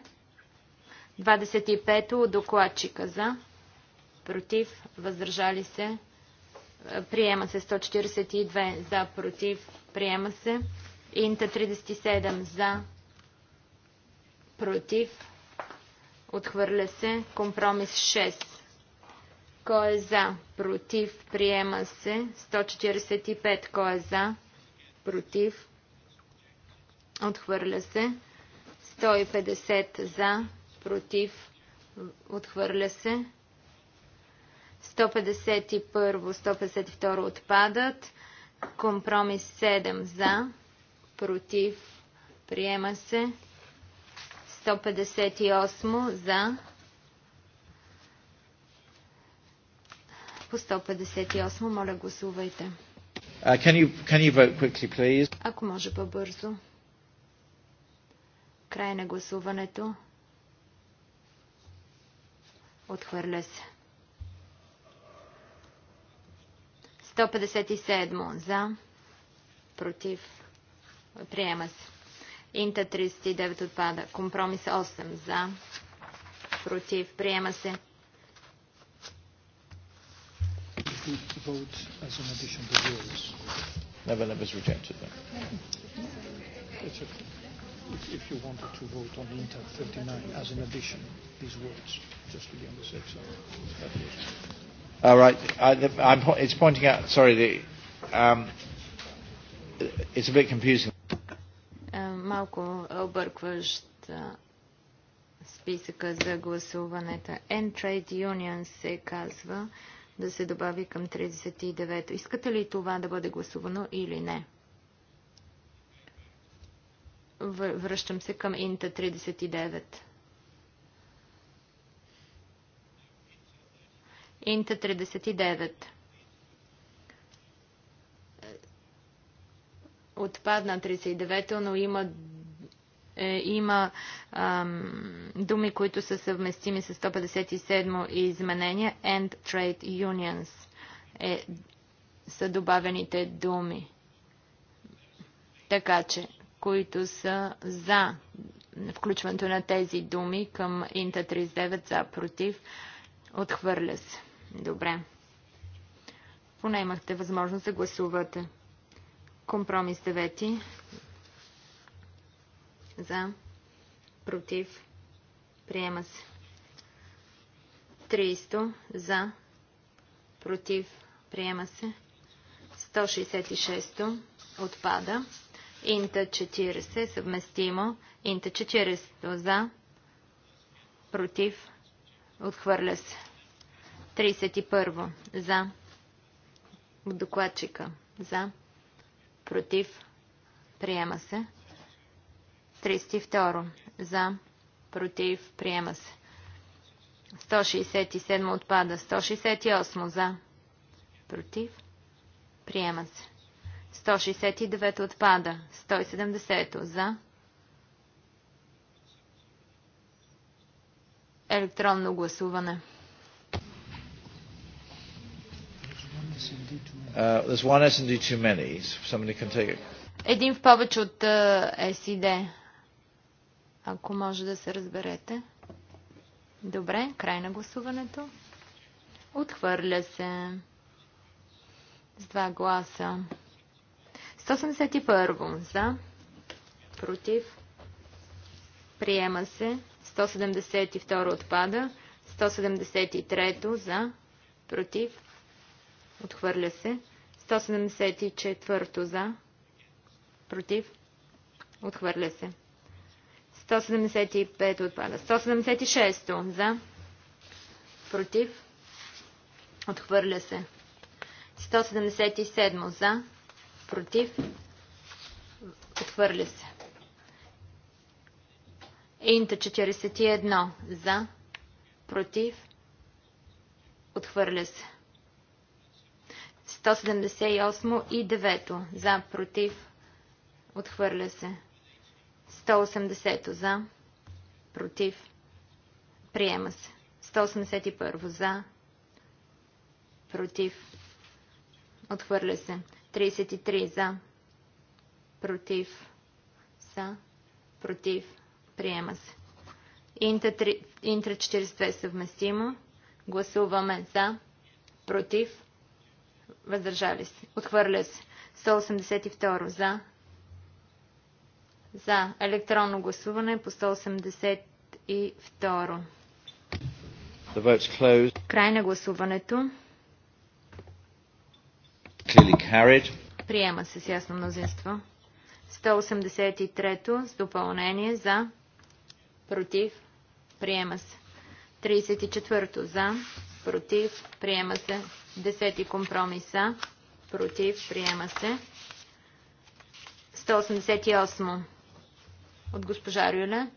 25-то докладчика за, против, въздържали се, е, приема се 142 за, против, приема се, Инта 37 за, против, отхвърля се, компромис 6. Кой е за? Против. Приема се. 145. Кой е за? Против. Отхвърля се. 150 за против, отхвърля се. 151, 152 отпадат. Компромис 7 за, против, приема се. 158 за. По 158, моля гласувайте. Uh, can you, can you vote quickly, please? Ако може по-бързо. Край на гласуването. Отхвърля се. 157 за. Против. Приема се. Инта 39 отпада. Компромис 8 за. Против. Приема се. Never, never rejected them. It's okay if, if you wanted to vote on Inter 39 as an addition, these words, just to be on the safe side. All right. I, the, I'm, it's pointing out, sorry, the, um, it's a bit confusing. Малко объркващ списъка за гласуването. End Trade Union се казва да се добави към 39. Искате ли това да бъде гласувано или не? Връщам се към Инта 39. Инта 39. Отпадна 39, но има, е, има ам, думи, които са съвместими с 157 и изменения. And trade unions е, са добавените думи. Така че които са за включването на тези думи към Инта 39 за против. Отхвърля се. Добре. Поне имахте възможност да гласувате. Компромис 9. За. Против. Приема се. 300. За. Против. Приема се. 166. Отпада. Инта 40 е съвместимо. Инта 40 за. Против. Отхвърля се. 31 за. Докладчика за. Против. Приема се. 32 за. Против. Приема се. 167 отпада. 168 за. Против. Приема се. 169 отпада. 170 за. Електронно гласуване. Uh, Един в повече от СИД. Uh, Ако може да се разберете. Добре, край на гласуването. Отхвърля се с два гласа. 171 за, против, приема се. 172 отпада. 173 за, против, отхвърля се. 174 за, против, отхвърля се. 175 отпада. 176 за, против, отхвърля се. 177 за, против, отхвърля се. Инта 41 за, против, отхвърля се. 178 и 9 за, против, отхвърля се. 180 за, против, приема се. 181 за, против, отхвърля се. 33 за. Против. За. Против. Приема се. Интра 3, е 42 съвместимо. Гласуваме за. Против. Въздържали се. Отхвърля се. 182 за. За. Електронно гласуване по 182. Край на гласуването. Приема се с ясно мнозинство. 183 с допълнение за. Против. Приема се. 34 то за. Против. Приема се. 10 компромиса. Против. Приема се. 188 от госпожа Рюля.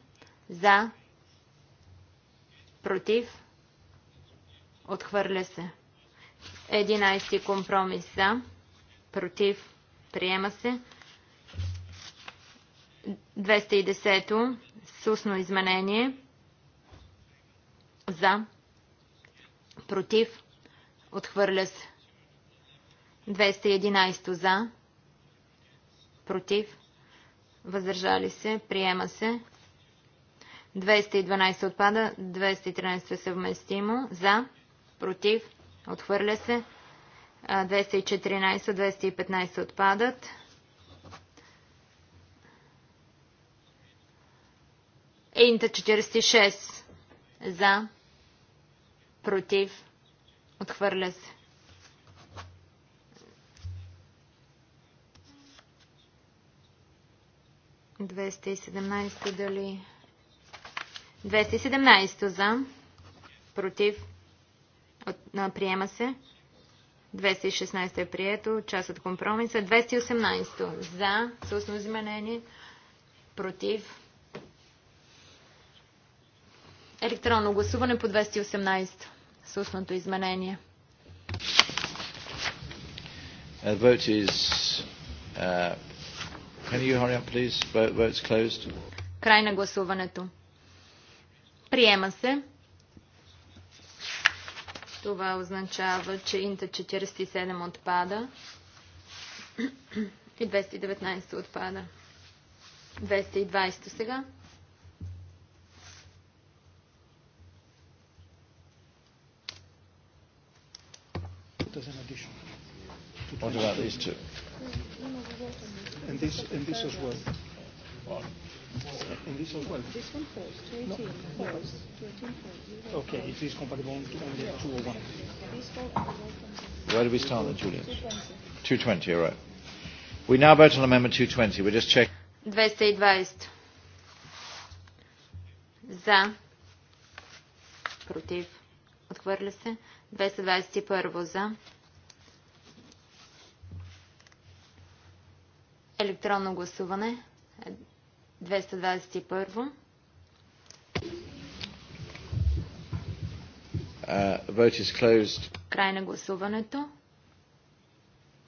За. Против. Отхвърля се. 11 компромис за, против, приема се. 210 сусно изменение за, против, отхвърля се. 211 за, против, въздържали се, приема се. 212 отпада, 213 е съвместимо, за, против, Отхвърля се. 214, 215 отпадат. Инта 46 за, против, отхвърля се. Двеста и седемнайсто дали... Двеста и седемнайсто за, против, Приема се. 216 е прието, част от компромиса. 218 за, съусно изменение, против. Електронно гласуване по 218 съусното изменение. Uh, vote is, uh, can you hurry up please? Vote, vote's closed. Край на гласуването. Приема се. Това означава, че Инта 47 отпада и 219 отпада. 220 сега. as an addition. What about these two? And this, and this as well. One. And this as well? This one falls, 218 no. falls. 218 falls. Okay, it is compatible only 201. Where do we start then, Julian? 220, all right. We now vote on Amendment 220. We're just checking. 220. За. Против. Отхвърля се. 221 за. Електронно гласуване. 221. Uh, Край на гласуването.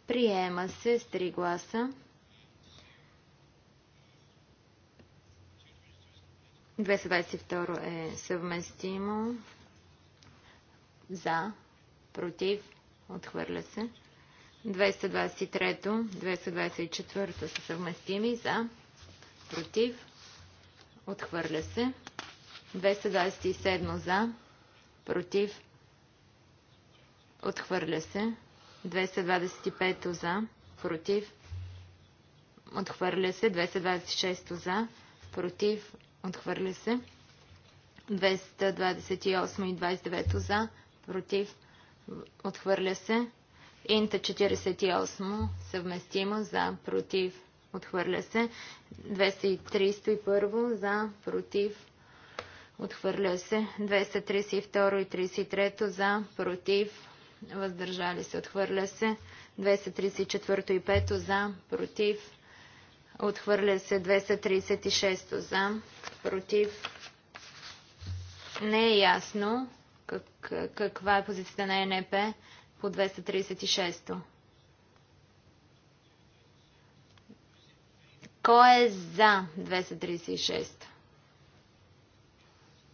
Приема се с 3 гласа. 222 е съвместимо. За. Против. Отхвърля се. 223, 224 са съвместими. За против, отхвърля се. 227 за, против, отхвърля се. 225 за, против, отхвърля се. 226 за, против, отхвърля се. 228 и 29 за, против, отхвърля се. Инта 48 съвместимо за, против, Отхвърля се. 231 за, против. Отхвърля се. 232 и 33 за, против. Въздържали се. Отхвърля се. 234 и 5 за, против. Отхвърля се. 236 за, против. Не е ясно как, каква е позицията на ЕНП по 236. Кой е за 236?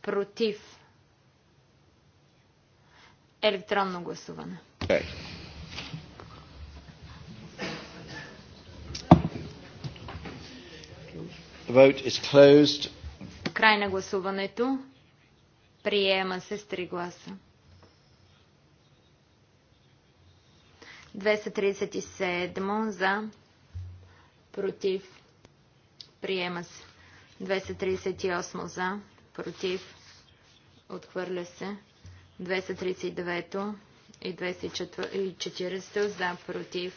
Против. Електронно гласуване. Е. Okay. Край на гласуването. Приема се с 3 гласа. 237 за, против Приема се. 238 за. Против. Отхвърля се. 239 и 240 за. Против.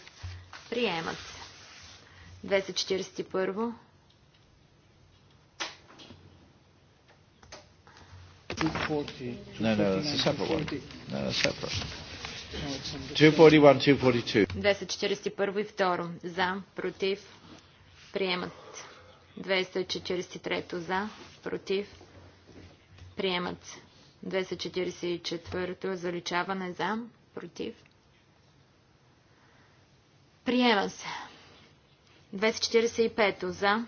Приемат се. 241. Не, не. 241, и 2. За, против, приемат. 243 за, против, приемат се. 244 заличаване за, против, приема се. 245 за,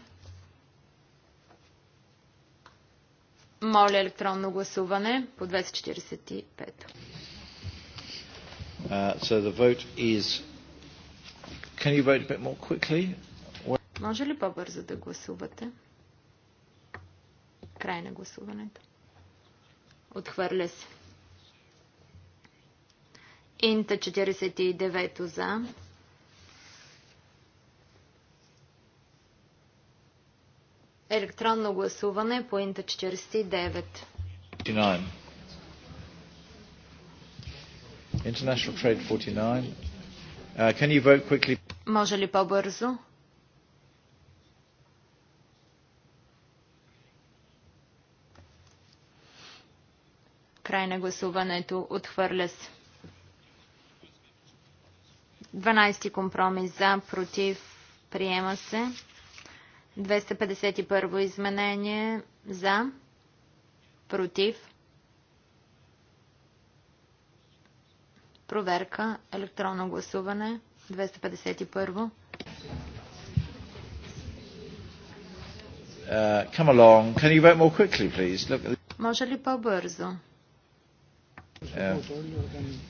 моля електронно гласуване по 245. Uh, so the vote is... Can you vote a bit more quickly? Може ли по-бързо да гласувате? Край на гласуването. Отхвърля се. Инта 49 за. Електронно гласуване по Инта 49. International Trade 49. Uh, can you vote quickly? Може ли по-бързо? Край на гласуването. Отхвърля се. 12 компромис за, против, приема се. 251 изменение за, против. Проверка, електронно гласуване, 251. Uh, come along. Can you vote more quickly, please? Look. Може ли по-бързо? Yeah. Е,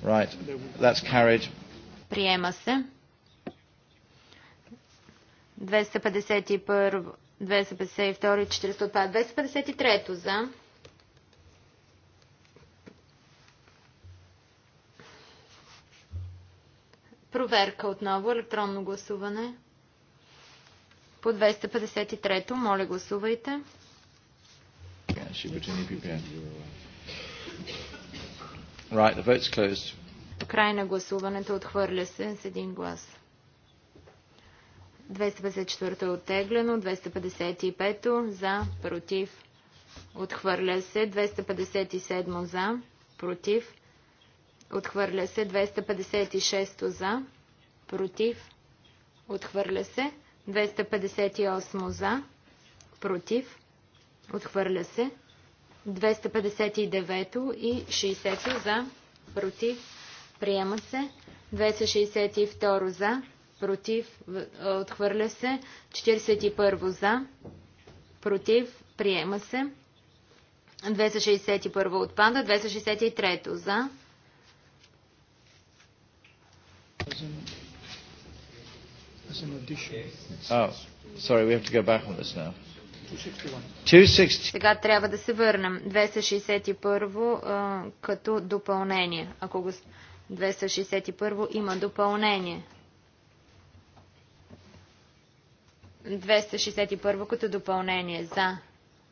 right. That's carried. Приема се. 251, 252, 405, 253 за. Проверка отново, електронно гласуване. По 253 моля гласувайте. Yeah, Right, the vote's closed. Край на гласуването отхвърля се с един глас. 254 е оттеглено, 255 за, против, отхвърля се, 257 за, против, отхвърля се, 256 за, против, отхвърля се, 258 за, против, отхвърля се, 259 и 60 за, против, приема се. 262 за, против, отхвърля се. 41 за, против, приема се. 261 отпада. 263 за. Oh, sorry, we have to go back on this now. Сега трябва да се върнем. 261 като допълнение. Ако го... 261 има допълнение. 261 като допълнение. За.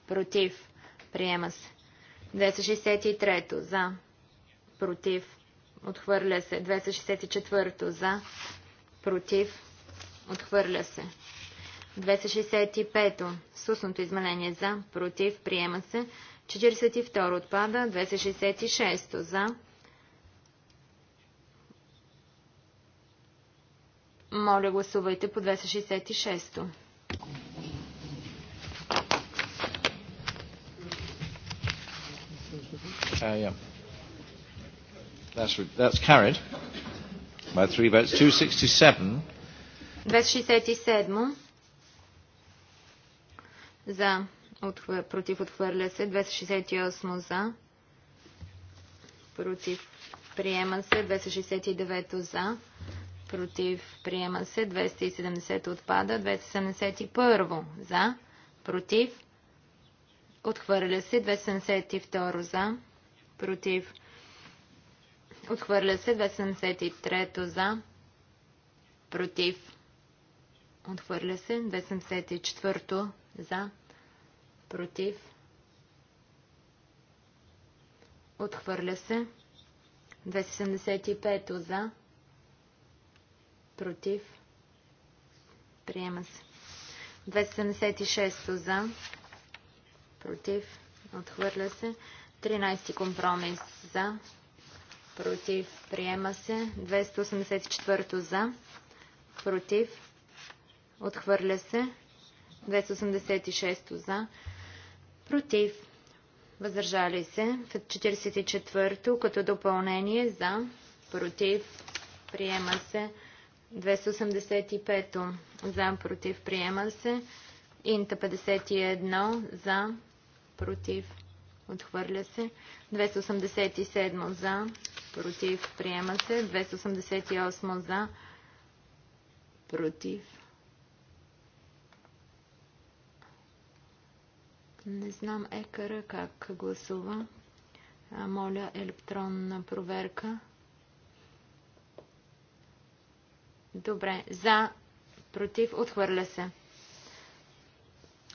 Против. Приема се. 263 за. Против. Отхвърля се. 264 за. Против. Отхвърля се. 265. Сусното изменение за, против, приема се. 42 отпада. 266 за. Моля, гласувайте по 266. Uh, yeah. That's, that's carried by three votes. 267. 267 за, отхвър... против отхвърля се, 268 за, против приема се, 269 за, против приема се, 270 отпада, 271 за, против отхвърля се, 272 за, против отхвърля се, 273 за, против отхвърля се, 274 за, против, отхвърля се. 275 за, против, приема се. 276 за, против, отхвърля се. 13 компромис за, против, приема се. 284 за, против, отхвърля се. 286 за, против, въздържали се. 44 то като допълнение за, против, приема се. 285 за, против, приема се. Инта 51 за, против, отхвърля се. 287 за, против, приема се. 288 за, против, Не знам екара как гласува. Моля електронна проверка. Добре. За, против, отхвърля се.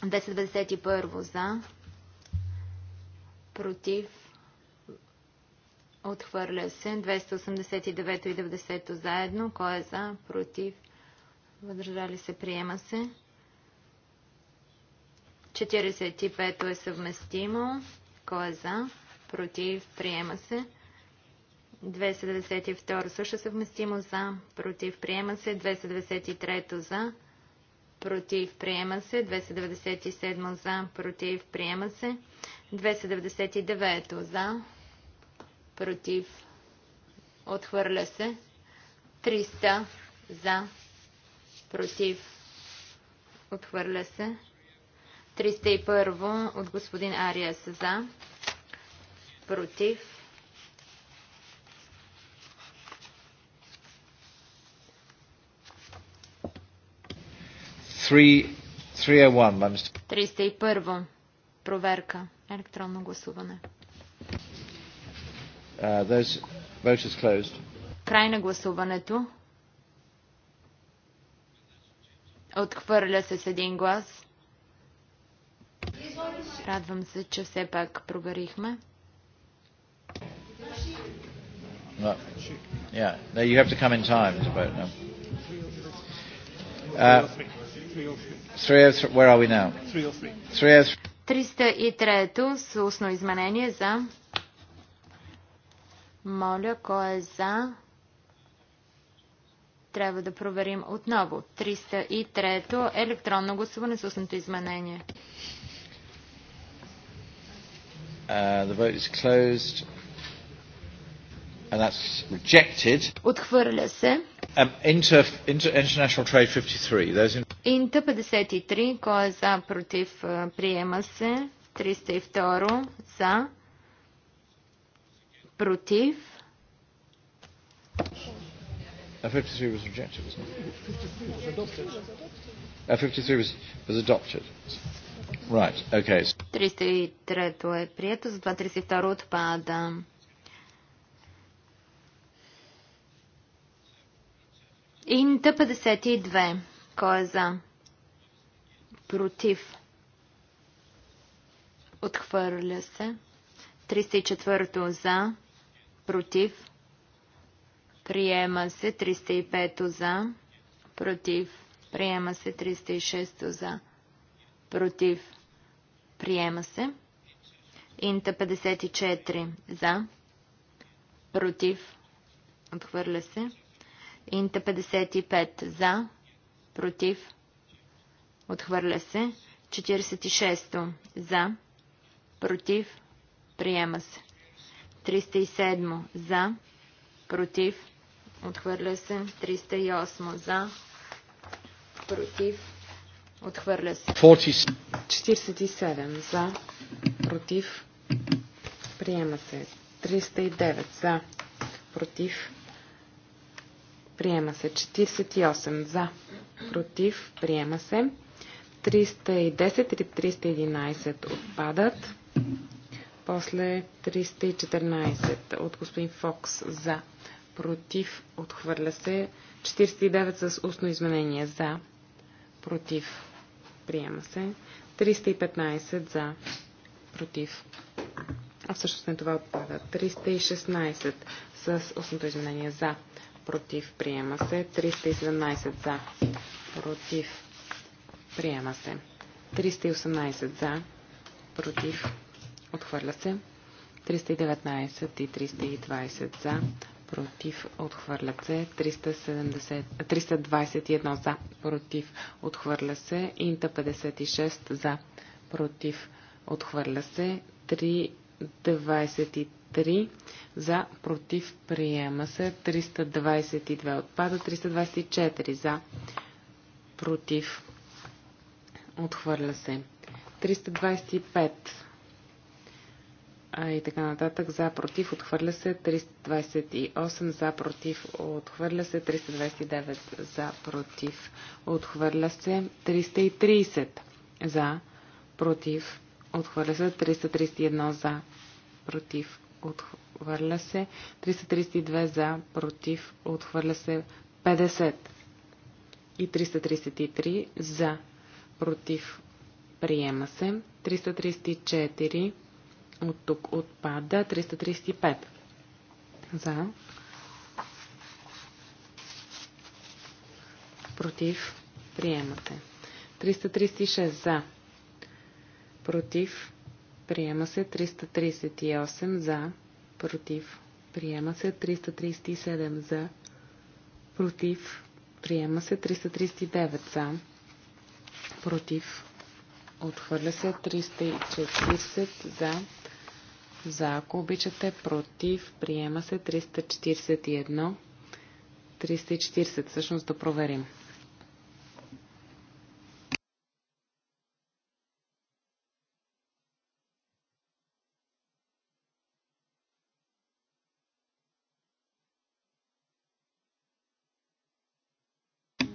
10.21 за, против, отхвърля се. 289 и 90 заедно. Кой е за, против, Въдържали се, приема се. 45 е съвместимо. Кой е за? Против. Приема се. 272 също съвместимо за. Против. Приема се. 293 за. Против. Приема се. 297 за. Против. Приема се. 299 за. Против. Отхвърля се. 300 за. Против. Отхвърля се. 301 от господин Ариас за, против, Three, 301, 301. Проверка. Електронно гласуване. Uh, Край на гласуването. Отхвърля се с един глас. Радвам се, че все пак проверихме. Yeah. No, you have to come in time, I suppose. No. Uh, Where are we now? 303. 303 с устно изменение за. Моля, кой е за? Трябва да проверим отново. 303 електронно гласуване с устното изменение the vote is closed. And that's rejected. Отхвърля се. Um, inter, inter, international Trade 53. Those in... Инта 53. Кой е за, против, приема се. 302. За. Против. 53 was rejected, wasn't it? 53 53 was, was adopted. Right, okay. 303 е прието, затова 32 отпада. Инта 52. Кой е за? Против. Отхвърля се. 304 за. Против. Приема се 305 за. Против. Приема се 306 за против, приема се. Инта 54 за, против, отхвърля се. Инта 55 за, против, отхвърля се. 46 за, против, приема се. 307 за, против, отхвърля се. 308 за, против, Отхвърля се. 47 за. Против. Приема се. 309 за. Против. Приема се. 48 за. Против. Приема се. 310 или 311 отпадат. После 314 от господин Фокс за. Против. Отхвърля се. 49 с устно изменение за. Против. Приема се. 315 за. Против. А всъщност не това отпада. 316 с 8 изменение за. Против. Приема се. 317 за. Против. Приема се. 318 за. Против. Отхвърля се. 319 и 320 за против, отхвърлят се. 370, 321 за, против, отхвърля се. Инта 56 за, против, отхвърля се. 323 за, против, приема се. 322 отпада. 324 за, против, отхвърля се. 325 и така нататък. За, против, отхвърля се 328, за, против, отхвърля се 329, за, против, отхвърля се 330, за, против, отхвърля се 331, за, против, отхвърля се 332, за, против, отхвърля се 50 и 333, за, против, приема се 334, от тук отпада 335. За. Против. Приемате. 336 за. Против. Приема се 338 за. Против. Приема се 337 за. Против. Приема се 339 за. Против. Отхвърля се 340 за. За, ако обичате, против, приема се 341. 340, всъщност да проверим.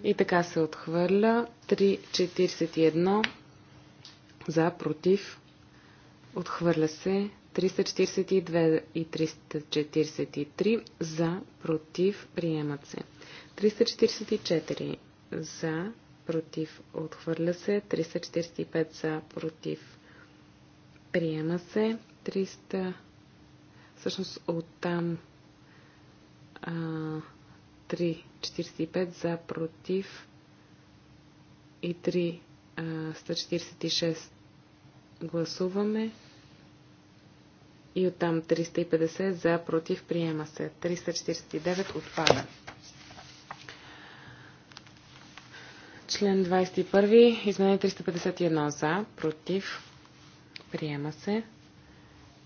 И така се отхвърля. 3,41 за, против. Отхвърля се 342 и 343 за, против, приемат се. 344 за, против, отхвърля се. 345 за, против, приема се. 300... Всъщност оттам а, 345 за, против и 346 гласуваме и оттам 350 за, против, приема се. 349 отпада. Член 21. Изменение 351 за, против, приема се.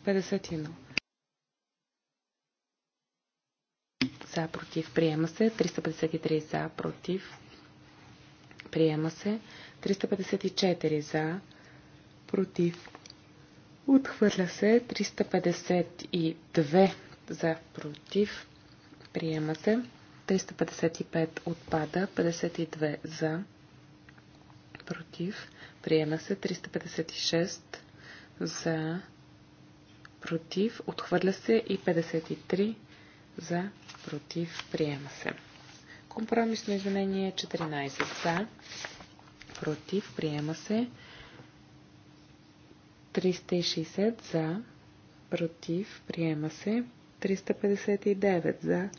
51. За, против, приема се. 353 за, против, приема се. 354 за, против, Отхвърля се 352 за против. Приема се. 355 отпада. 52 за против. Приема се. 356 за против. Отхвърля се и 53 за против. Приема се. Компромисно извинение 14 за против. Приема се. 360 за, против, приема се. 359 за,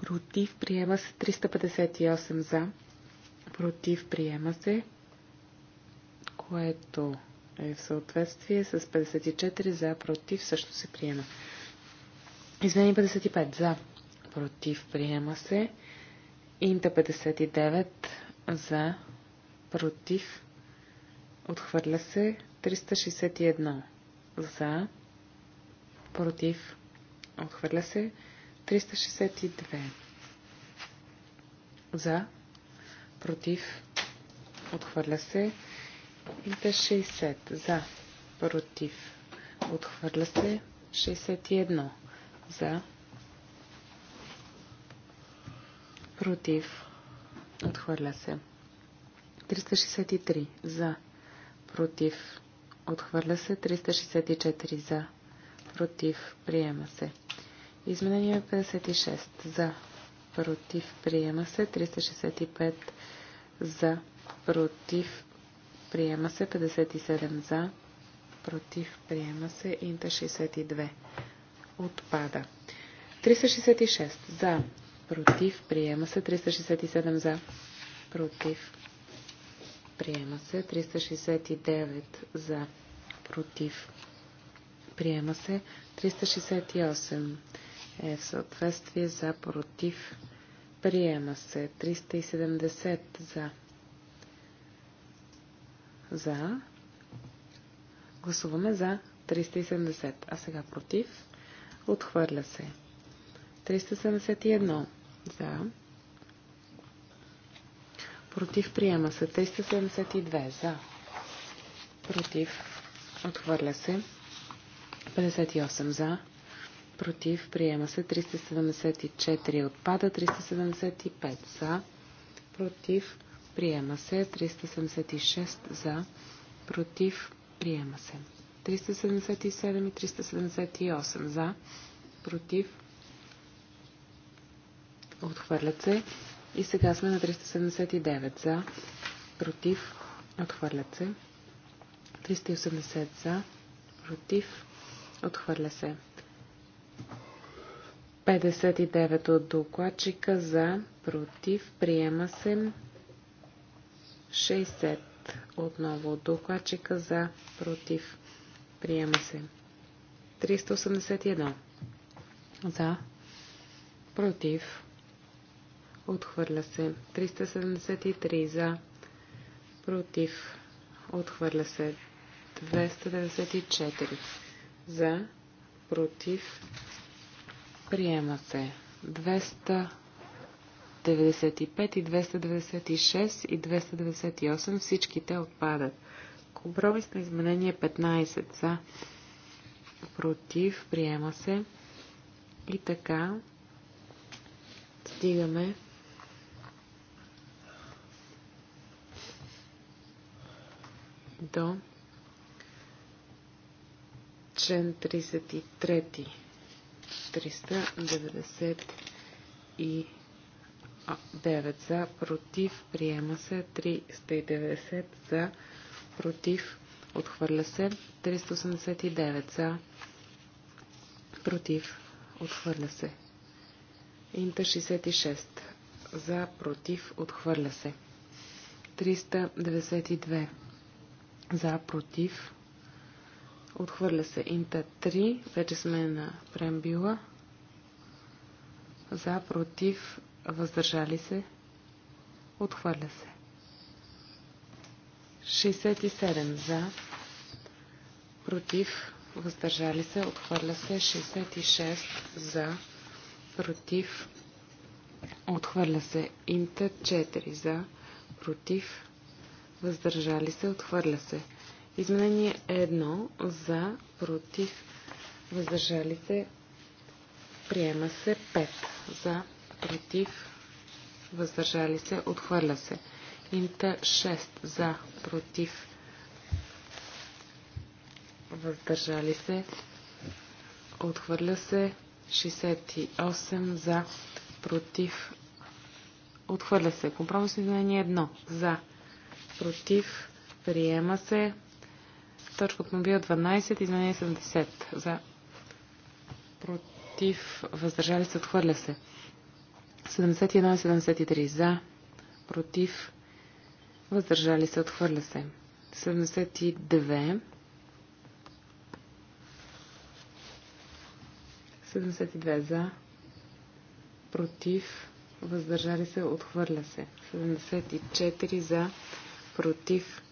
против, приема се. 358 за, против, приема се, което е в съответствие с 54 за, против, също се приема. Извини 55 за, против, приема се. Инта 59 за, против, Отхвърля се 361. За. Против. Отхвърля се 362. За. Против. Отхвърля се. И 60. За. Против. Отхвърля се 61. За. Против. Отхвърля се. 363. За против, отхвърля се, 364 за, против, приема се. Изменение 56 за, против, приема се, 365 за, против, приема се, 57 за, против, приема се, инта 62 отпада. 366 за, против, приема се, 367 за, против, Приема се. 369 за. Против. Приема се. 368 е в съответствие за. Против. Приема се. 370 за. За. Гласуваме за 370. А сега против. Отхвърля се. 371 за. Против приема се. 372 за. Против. Отхвърля се. 58 за. Против приема се. 374 отпада. 375 за. Против приема се. 376 за. Против приема се. 377 и 378 за. Против. Отхвърлят се. И сега сме на 379 за, против, отхвърлят се. 380 за, против, отхвърля се. 59 от докладчика за, против, приема се. 60 отново от докладчика за, против, приема се. 381 за, против, Отхвърля се. 373 за. Против. Отхвърля се. 294 за. Против. Приема се. 295 и 296 и 298 всичките отпадат. Компромис на изменение 15 за. Против. Приема се. И така стигаме до член 33. 399 за, против, приема се, 390 за, против, отхвърля се, 389 за, против, отхвърля се. Инта 66 за, против, отхвърля се. 392 за, против, отхвърля се инта 3, вече сме на прембила, за, против, въздържали се, отхвърля се. 67 за, против, въздържали се, отхвърля се, 66 за, против, отхвърля се, инта 4 за, против, въздържали се, отхвърля се. Изменение 1 за, против, въздържали се, приема се 5 за, против, въздържали се, отхвърля се. Инта 6 за, против, въздържали се, отхвърля се 68 за, против, отхвърля се. Компромисно изменение 1 за, против, приема се. Точка автомобил 12, изменение 70. За, против, въздържали се, отхвърля се. 71 и 73. За, против, въздържали се, отхвърля се. 72. 72 за, против, въздържали се, отхвърля се. 74 за, против,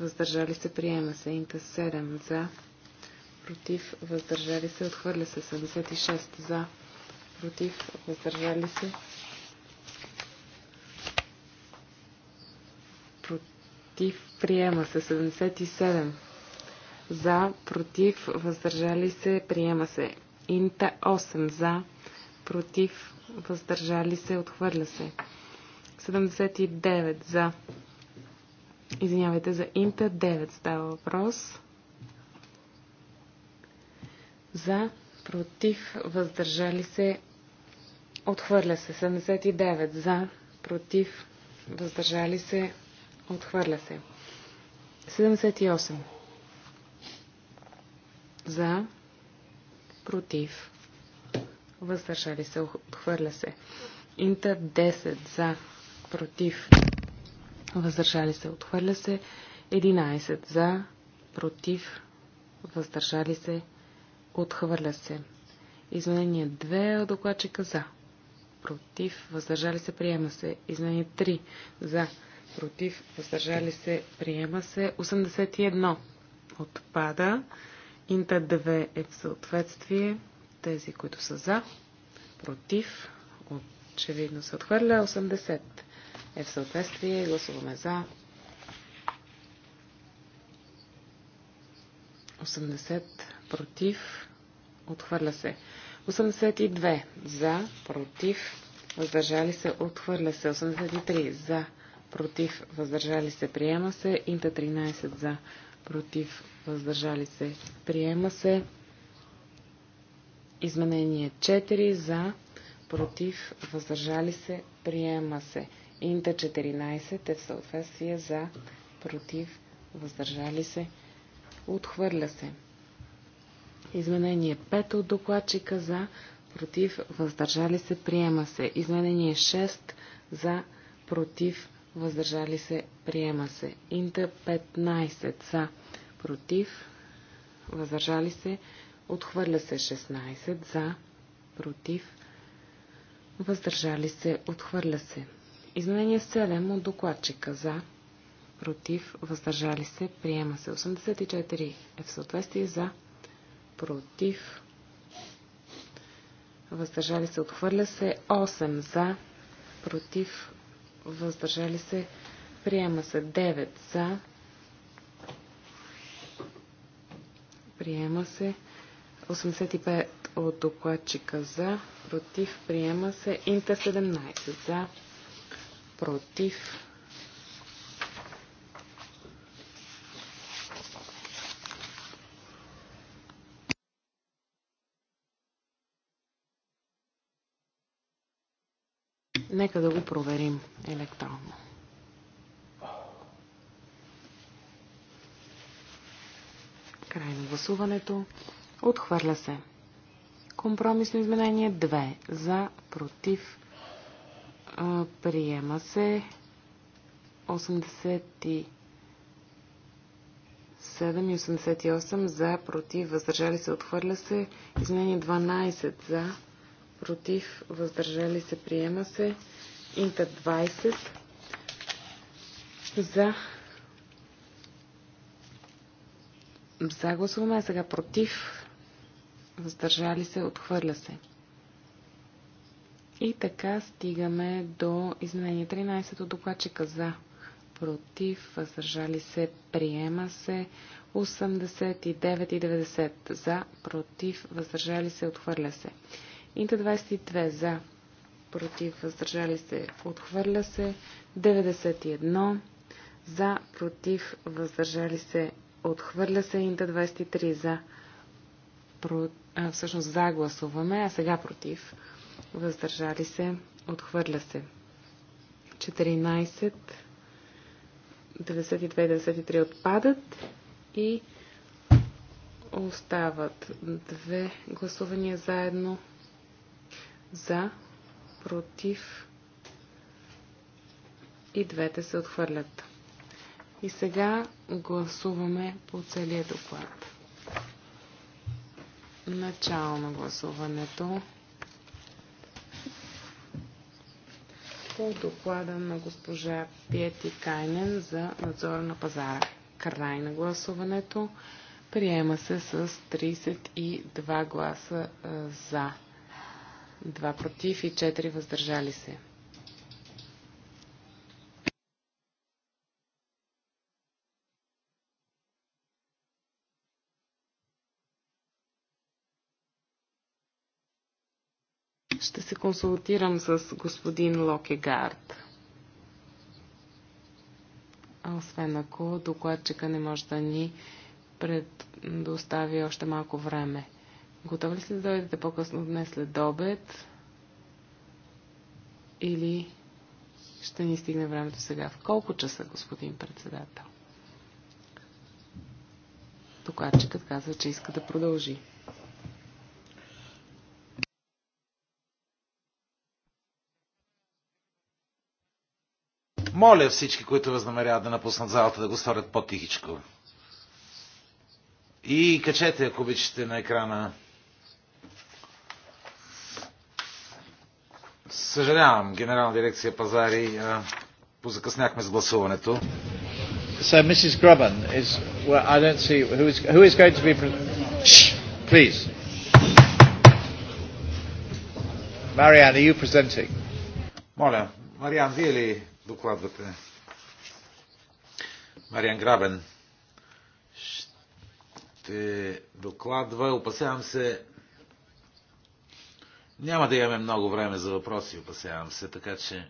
въздържали се, приема се. Инта 7 за, против, въздържали се, отхвърля се. 76 за, против, въздържали се. Против, приема се. 77 за, против, въздържали се, приема се. Инта 8 за, против, въздържали се, отхвърля се. 79 за, Извинявайте, за Инта 9 става въпрос. За, против, въздържали се, отхвърля се. 79 за, против, въздържали се, отхвърля се. 78 за, против, въздържали се, отхвърля се. Инта 10 за, против, 8. Въздържали се. Отхвърля се. 11. За. Против. Въздържали се. Отхвърля се. Изменение 2 от докладчика за. Против. Въздържали се. Приема се. Изменение 3. За. Против. Въздържали се. Приема се. 81. Отпада. Инта 2 е в съответствие. Тези, които са за. Против. Очевидно се отхвърля. 80 е в съответствие. Гласуваме за. 80 против. Отхвърля се. 82 за, против, въздържали се, отхвърля се. 83 за, против, въздържали се, приема се. Инта 13 за, против, въздържали се, приема се. Изменение 4 за, против, въздържали се, приема се. Инта 14 е в съответствие за, против, въздържали се, отхвърля се. Изменение 5 от докладчика за, против, въздържали се, приема се. Изменение 6 за, против, въздържали се, приема се. Инта 15 за, против, въздържали се, отхвърля се 16 за, против, въздържали се, отхвърля се. Изменение 7 от докладчика за, против, въздържали се, приема се. 84 е в съответствие за, против, въздържали се, отхвърля се. 8 за, против, въздържали се, приема се. 9 за, приема се. 85 от докладчика за, против, приема се. Инте 17 за, против, Нека да го проверим електронно. Край на гласуването. Отхвърля се. Компромисно изменение 2. За, против, Приема се 87 и 88 за, против, въздържали се, отхвърля се. Изменение 12 за, против, въздържали се, приема се. Инта 20 за. За гласуваме, сега против, въздържали се, отхвърля се. И така стигаме до изменение 13 от докладчика за против, въздържали се, приема се 89 и 90 за, против, въздържали се, отхвърля се. Инта 22 за, против, въздържали се, отхвърля се 91 за, против, въздържали се, отхвърля се Инта 23 за, про... а, всъщност за гласуваме, а сега против въздържали се, отхвърля се. 14, 92-93 отпадат и остават две гласувания заедно за, против и двете се отхвърлят. И сега гласуваме по целия доклад. Начало на гласуването. по доклада на госпожа Пети Кайнен за надзора на пазара. Край на гласуването. Приема се с 32 гласа за, 2 против и 4 въздържали се. Ще се консултирам с господин Локегард. Освен ако докладчика не може да ни предостави още малко време. Готови ли сте да дойдете по-късно днес след обед? Или ще ни стигне времето сега? В колко часа, господин председател? Докладчикът казва, че иска да продължи. Моля всички, които възнамеряват да напуснат залата, да го сторят по-тихичко. И качете, ако обичате, на екрана. Съжалявам, Генерална дирекция пазари, позакъсняхме с гласуването. So Mrs. Grubben is, well, I don't see who is, who is going to be. Shh, please. Marianne, are you presenting? Моля, Мариан, вие ли докладвате. Мариан Грабен ще докладва. Опасявам се, няма да имаме много време за въпроси, опасявам се, така че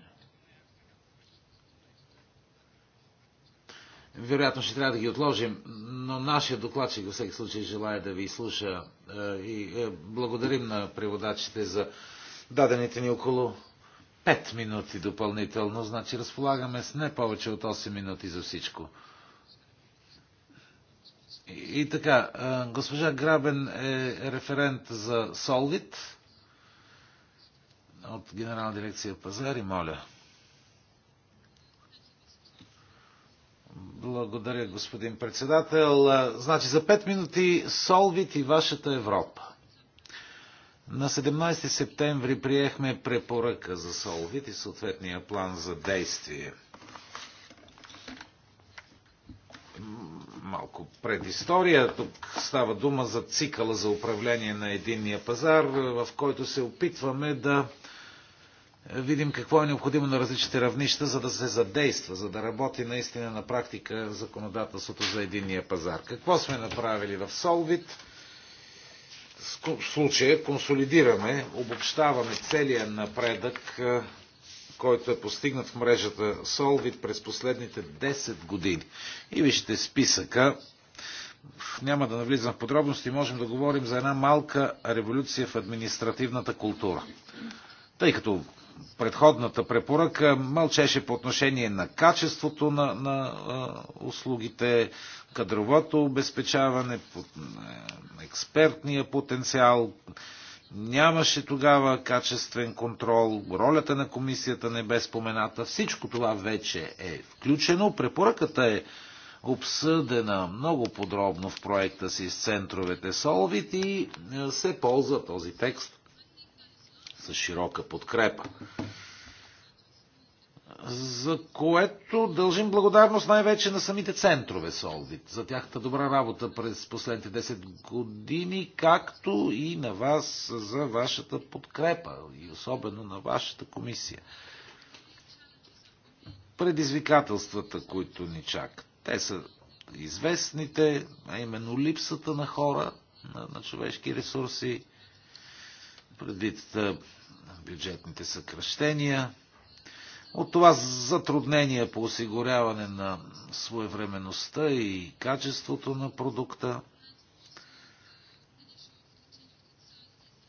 вероятно ще трябва да ги отложим, но нашия докладчик във всеки случай желая да ви слуша. Е, и е, благодарим на преводачите за дадените ни около 5 минути допълнително, значи разполагаме с не повече от 8 минути за всичко. И, и така, госпожа Грабен е референт за Солвит от Генерална дирекция Пазари, моля. Благодаря, господин председател. Значи за 5 минути Солвит и вашата Европа. На 17 септември приехме препоръка за Солвит и съответния план за действие. Малко предистория. Тук става дума за цикъла за управление на единния пазар, в който се опитваме да видим какво е необходимо на различните равнища, за да се задейства, за да работи наистина на практика законодателството за единния пазар. Какво сме направили в Солвит? в случая консолидираме, обобщаваме целия напредък, който е постигнат в мрежата Solvit през последните 10 години. И вижте списъка. Няма да навлизам в подробности, можем да говорим за една малка революция в административната култура. Тъй като предходната препоръка мълчеше по отношение на качеството на, на услугите, кадровото обезпечаване, е, експертния потенциал. Нямаше тогава качествен контрол, ролята на комисията не бе спомената. Всичко това вече е включено. Препоръката е обсъдена много подробно в проекта си с центровете Солвит и е, се ползва този текст с широка подкрепа. За което дължим благодарност най-вече на самите центрове Солвит, за тяхната добра работа през последните 10 години, както и на вас за вашата подкрепа, и особено на вашата комисия. Предизвикателствата, които ни чакат, те са известните, а именно липсата на хора, на, на човешки ресурси, предвид бюджетните съкръщения. От това затруднение по осигуряване на своевременността и качеството на продукта.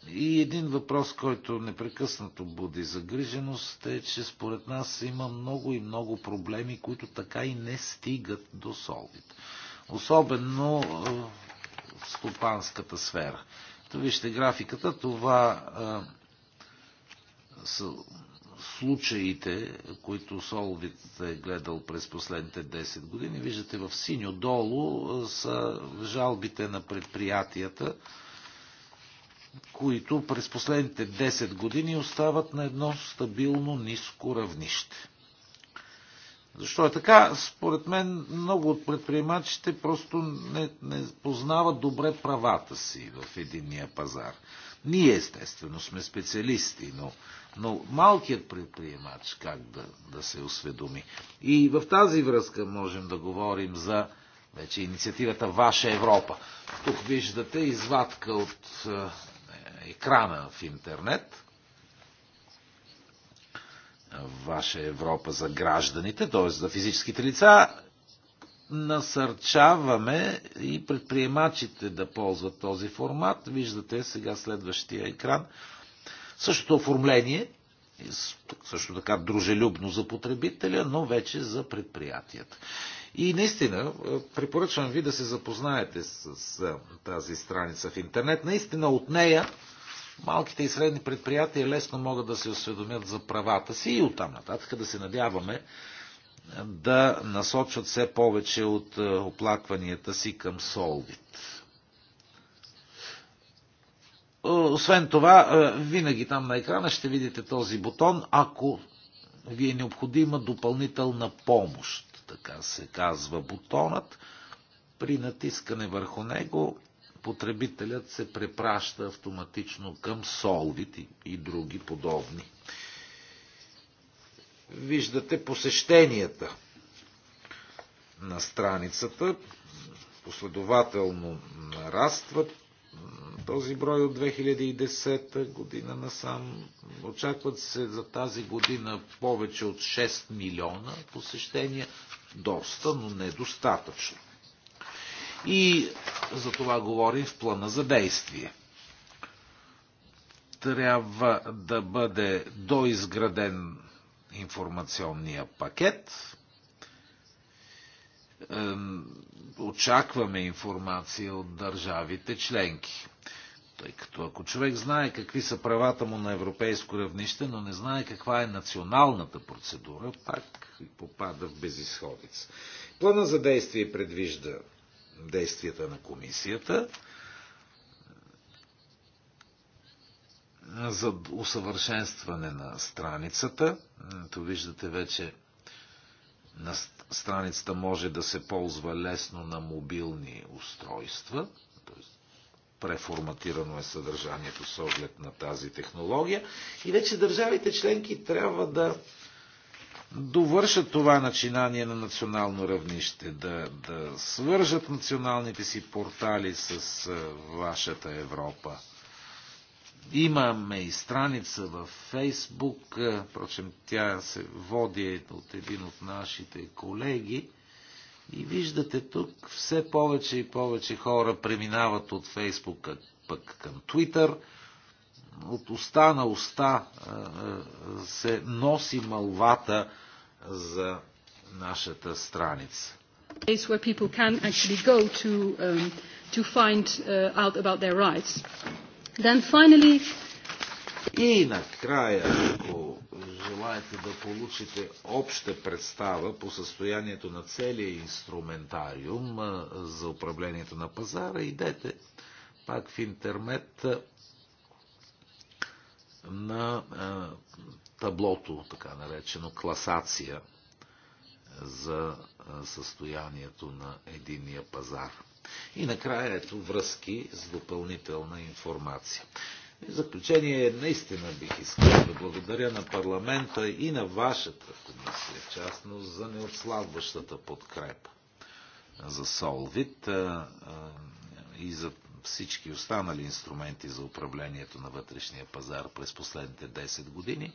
И един въпрос, който непрекъснато буди загриженост, е, че според нас има много и много проблеми, които така и не стигат до солвит. Особено в стопанската сфера. То вижте графиката, това а, са случаите, които Солвит е гледал през последните 10 години. Виждате в синьо долу са жалбите на предприятията, които през последните 10 години остават на едно стабилно ниско равнище. Защо е така? Според мен много от предприемачите просто не, не познават добре правата си в единния пазар. Ние естествено сме специалисти, но, но малкият предприемач как да, да се осведоми. И в тази връзка можем да говорим за вече инициативата Ваша Европа. Тук виждате извадка от е, екрана в интернет Ваша Европа за гражданите, т.е. за физическите лица, насърчаваме и предприемачите да ползват този формат. Виждате сега следващия екран. Същото оформление, също така дружелюбно за потребителя, но вече за предприятията. И наистина, препоръчвам ви да се запознаете с, тази страница в интернет. Наистина от нея малките и средни предприятия лесно могат да се осведомят за правата си и оттам нататък да се надяваме е, да насочат все повече от е, оплакванията си към Солвит. Освен това, е, винаги там на екрана ще видите този бутон, ако ви е необходима допълнителна помощ, така се казва бутонът. При натискане върху него потребителят се препраща автоматично към Solvit и, и други подобни. Виждате посещенията на страницата. Последователно нарастват този брой от 2010 година насам. Очакват се за тази година повече от 6 милиона посещения. Доста, но недостатъчно. И за това говорим в плана за действие. Трябва да бъде доизграден информационния пакет. Очакваме информация от държавите членки. Тъй като ако човек знае какви са правата му на европейско равнище, но не знае каква е националната процедура, пак попада в безисходица. Плана за действие предвижда действията на комисията за усъвършенстване на страницата. То виждате вече на страницата може да се ползва лесно на мобилни устройства. Преформатирано е съдържанието с оглед на тази технология. И вече държавите членки трябва да довършат това начинание на национално равнище, да, да свържат националните си портали с вашата Европа. Имаме и страница във Фейсбук, впрочем тя се води от един от нашите колеги. И виждате тук все повече и повече хора преминават от Фейсбук пък към Твитър от уста на уста е, е, се носи малвата за нашата страница. Place where people can actually go to um, to find uh, out about their rights. Then finally. И накрая, ако желаете да получите обща представа по състоянието на целия инструментариум е, за управлението на пазара, идете пак в интернет на е, таблото, така наречено класация за е, състоянието на единия пазар. И накрая ето връзки с допълнителна информация. В заключение, наистина бих искал да благодаря на парламента и на вашата комисия, частно частност, за неотслабващата подкрепа за Солвит е, и за всички останали инструменти за управлението на вътрешния пазар през последните 10 години.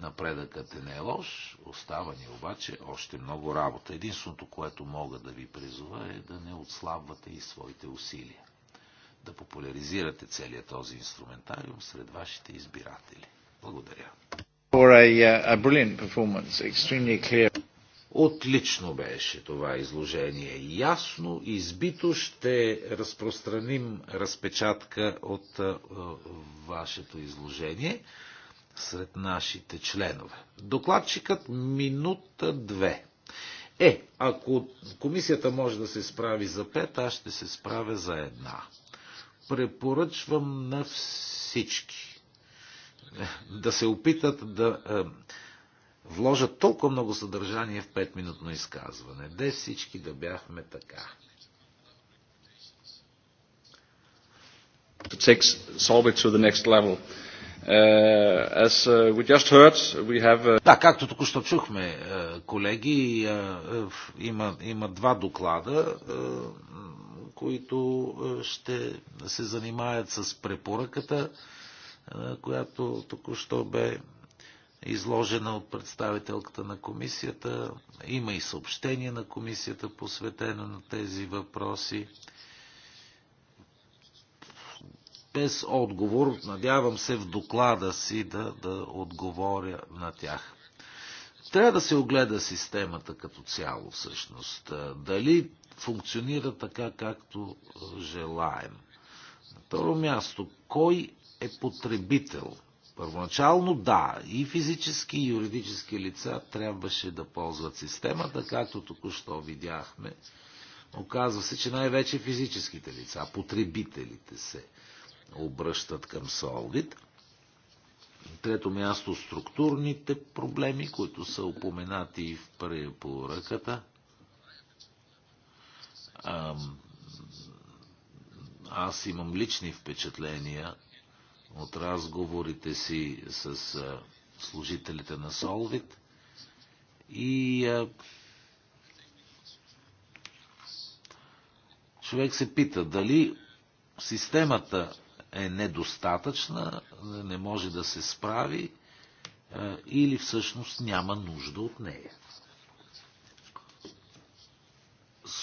Напредъкът е не е лош, остава ни обаче още много работа. Единственото, което мога да ви призова е да не отслабвате и своите усилия. Да популяризирате целият този инструментариум сред вашите избиратели. Благодаря. For a, uh, a brilliant performance, extremely clear. Отлично беше това изложение. Ясно, избито ще разпространим разпечатка от е, вашето изложение сред нашите членове. Докладчикът минута две. Е, ако комисията може да се справи за пет, аз ще се справя за една. Препоръчвам на всички <laughs> да се опитат да е, Вложа толкова много съдържание в петминутно изказване. Де всички да бяхме така. To take Solvit to the next level. Uh, as uh, we just heard, we have... Uh... Да, както току-що чухме, е, колеги, е, е, има, има два доклада, които ще се занимаят с препоръката, която току-що бе изложена от представителката на комисията. Има и съобщение на комисията, посветено на тези въпроси. Без отговор, надявам се в доклада си да, да отговоря на тях. Трябва да се огледа системата като цяло, всъщност. Е, дали функционира така, както желаем. На второ място, кой е потребител Първоначално да, и физически, и юридически лица трябваше да ползват системата, както току-що видяхме. Оказва се, че най-вече физическите лица, потребителите се обръщат към Солвит. Трето място структурните проблеми, които са упоменати и в препоръката. Аз имам лични впечатления от разговорите си с служителите на Солвит и човек се пита дали системата е недостатъчна, не може да се справи или всъщност няма нужда от нея.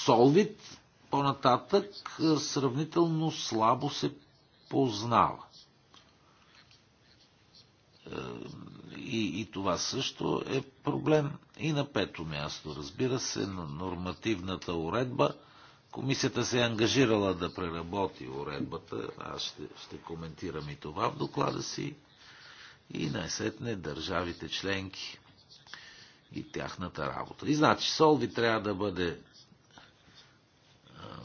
Солвит по-нататък сравнително слабо се познава. И, и това също е проблем. И на пето място, разбира се, на нормативната уредба. Комисията се е ангажирала да преработи уредбата. Аз ще, ще коментирам и това в доклада си. И най-сетне държавите членки и тяхната работа. И значи, Солви трябва да бъде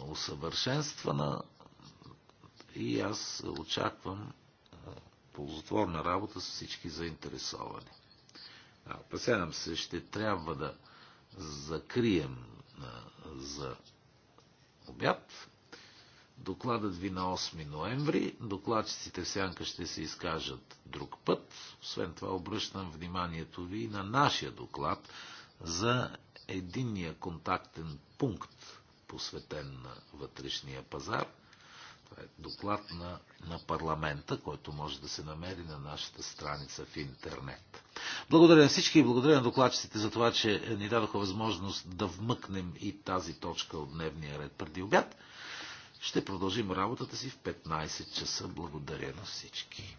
усъвършенствана и аз очаквам ползотворна работа с всички заинтересовани. Опасявам се, ще трябва да закрием за обяд. Докладът ви на 8 ноември. Докладчиците в сянка ще се изкажат друг път. Освен това обръщам вниманието ви на нашия доклад за единния контактен пункт, посветен на вътрешния пазар – това е доклад на, на парламента, който може да се намери на нашата страница в интернет. Благодаря на всички и благодаря на докладчиците за това, че ни дадоха възможност да вмъкнем и тази точка от дневния ред преди обяд. Ще продължим работата си в 15 часа. Благодаря на всички.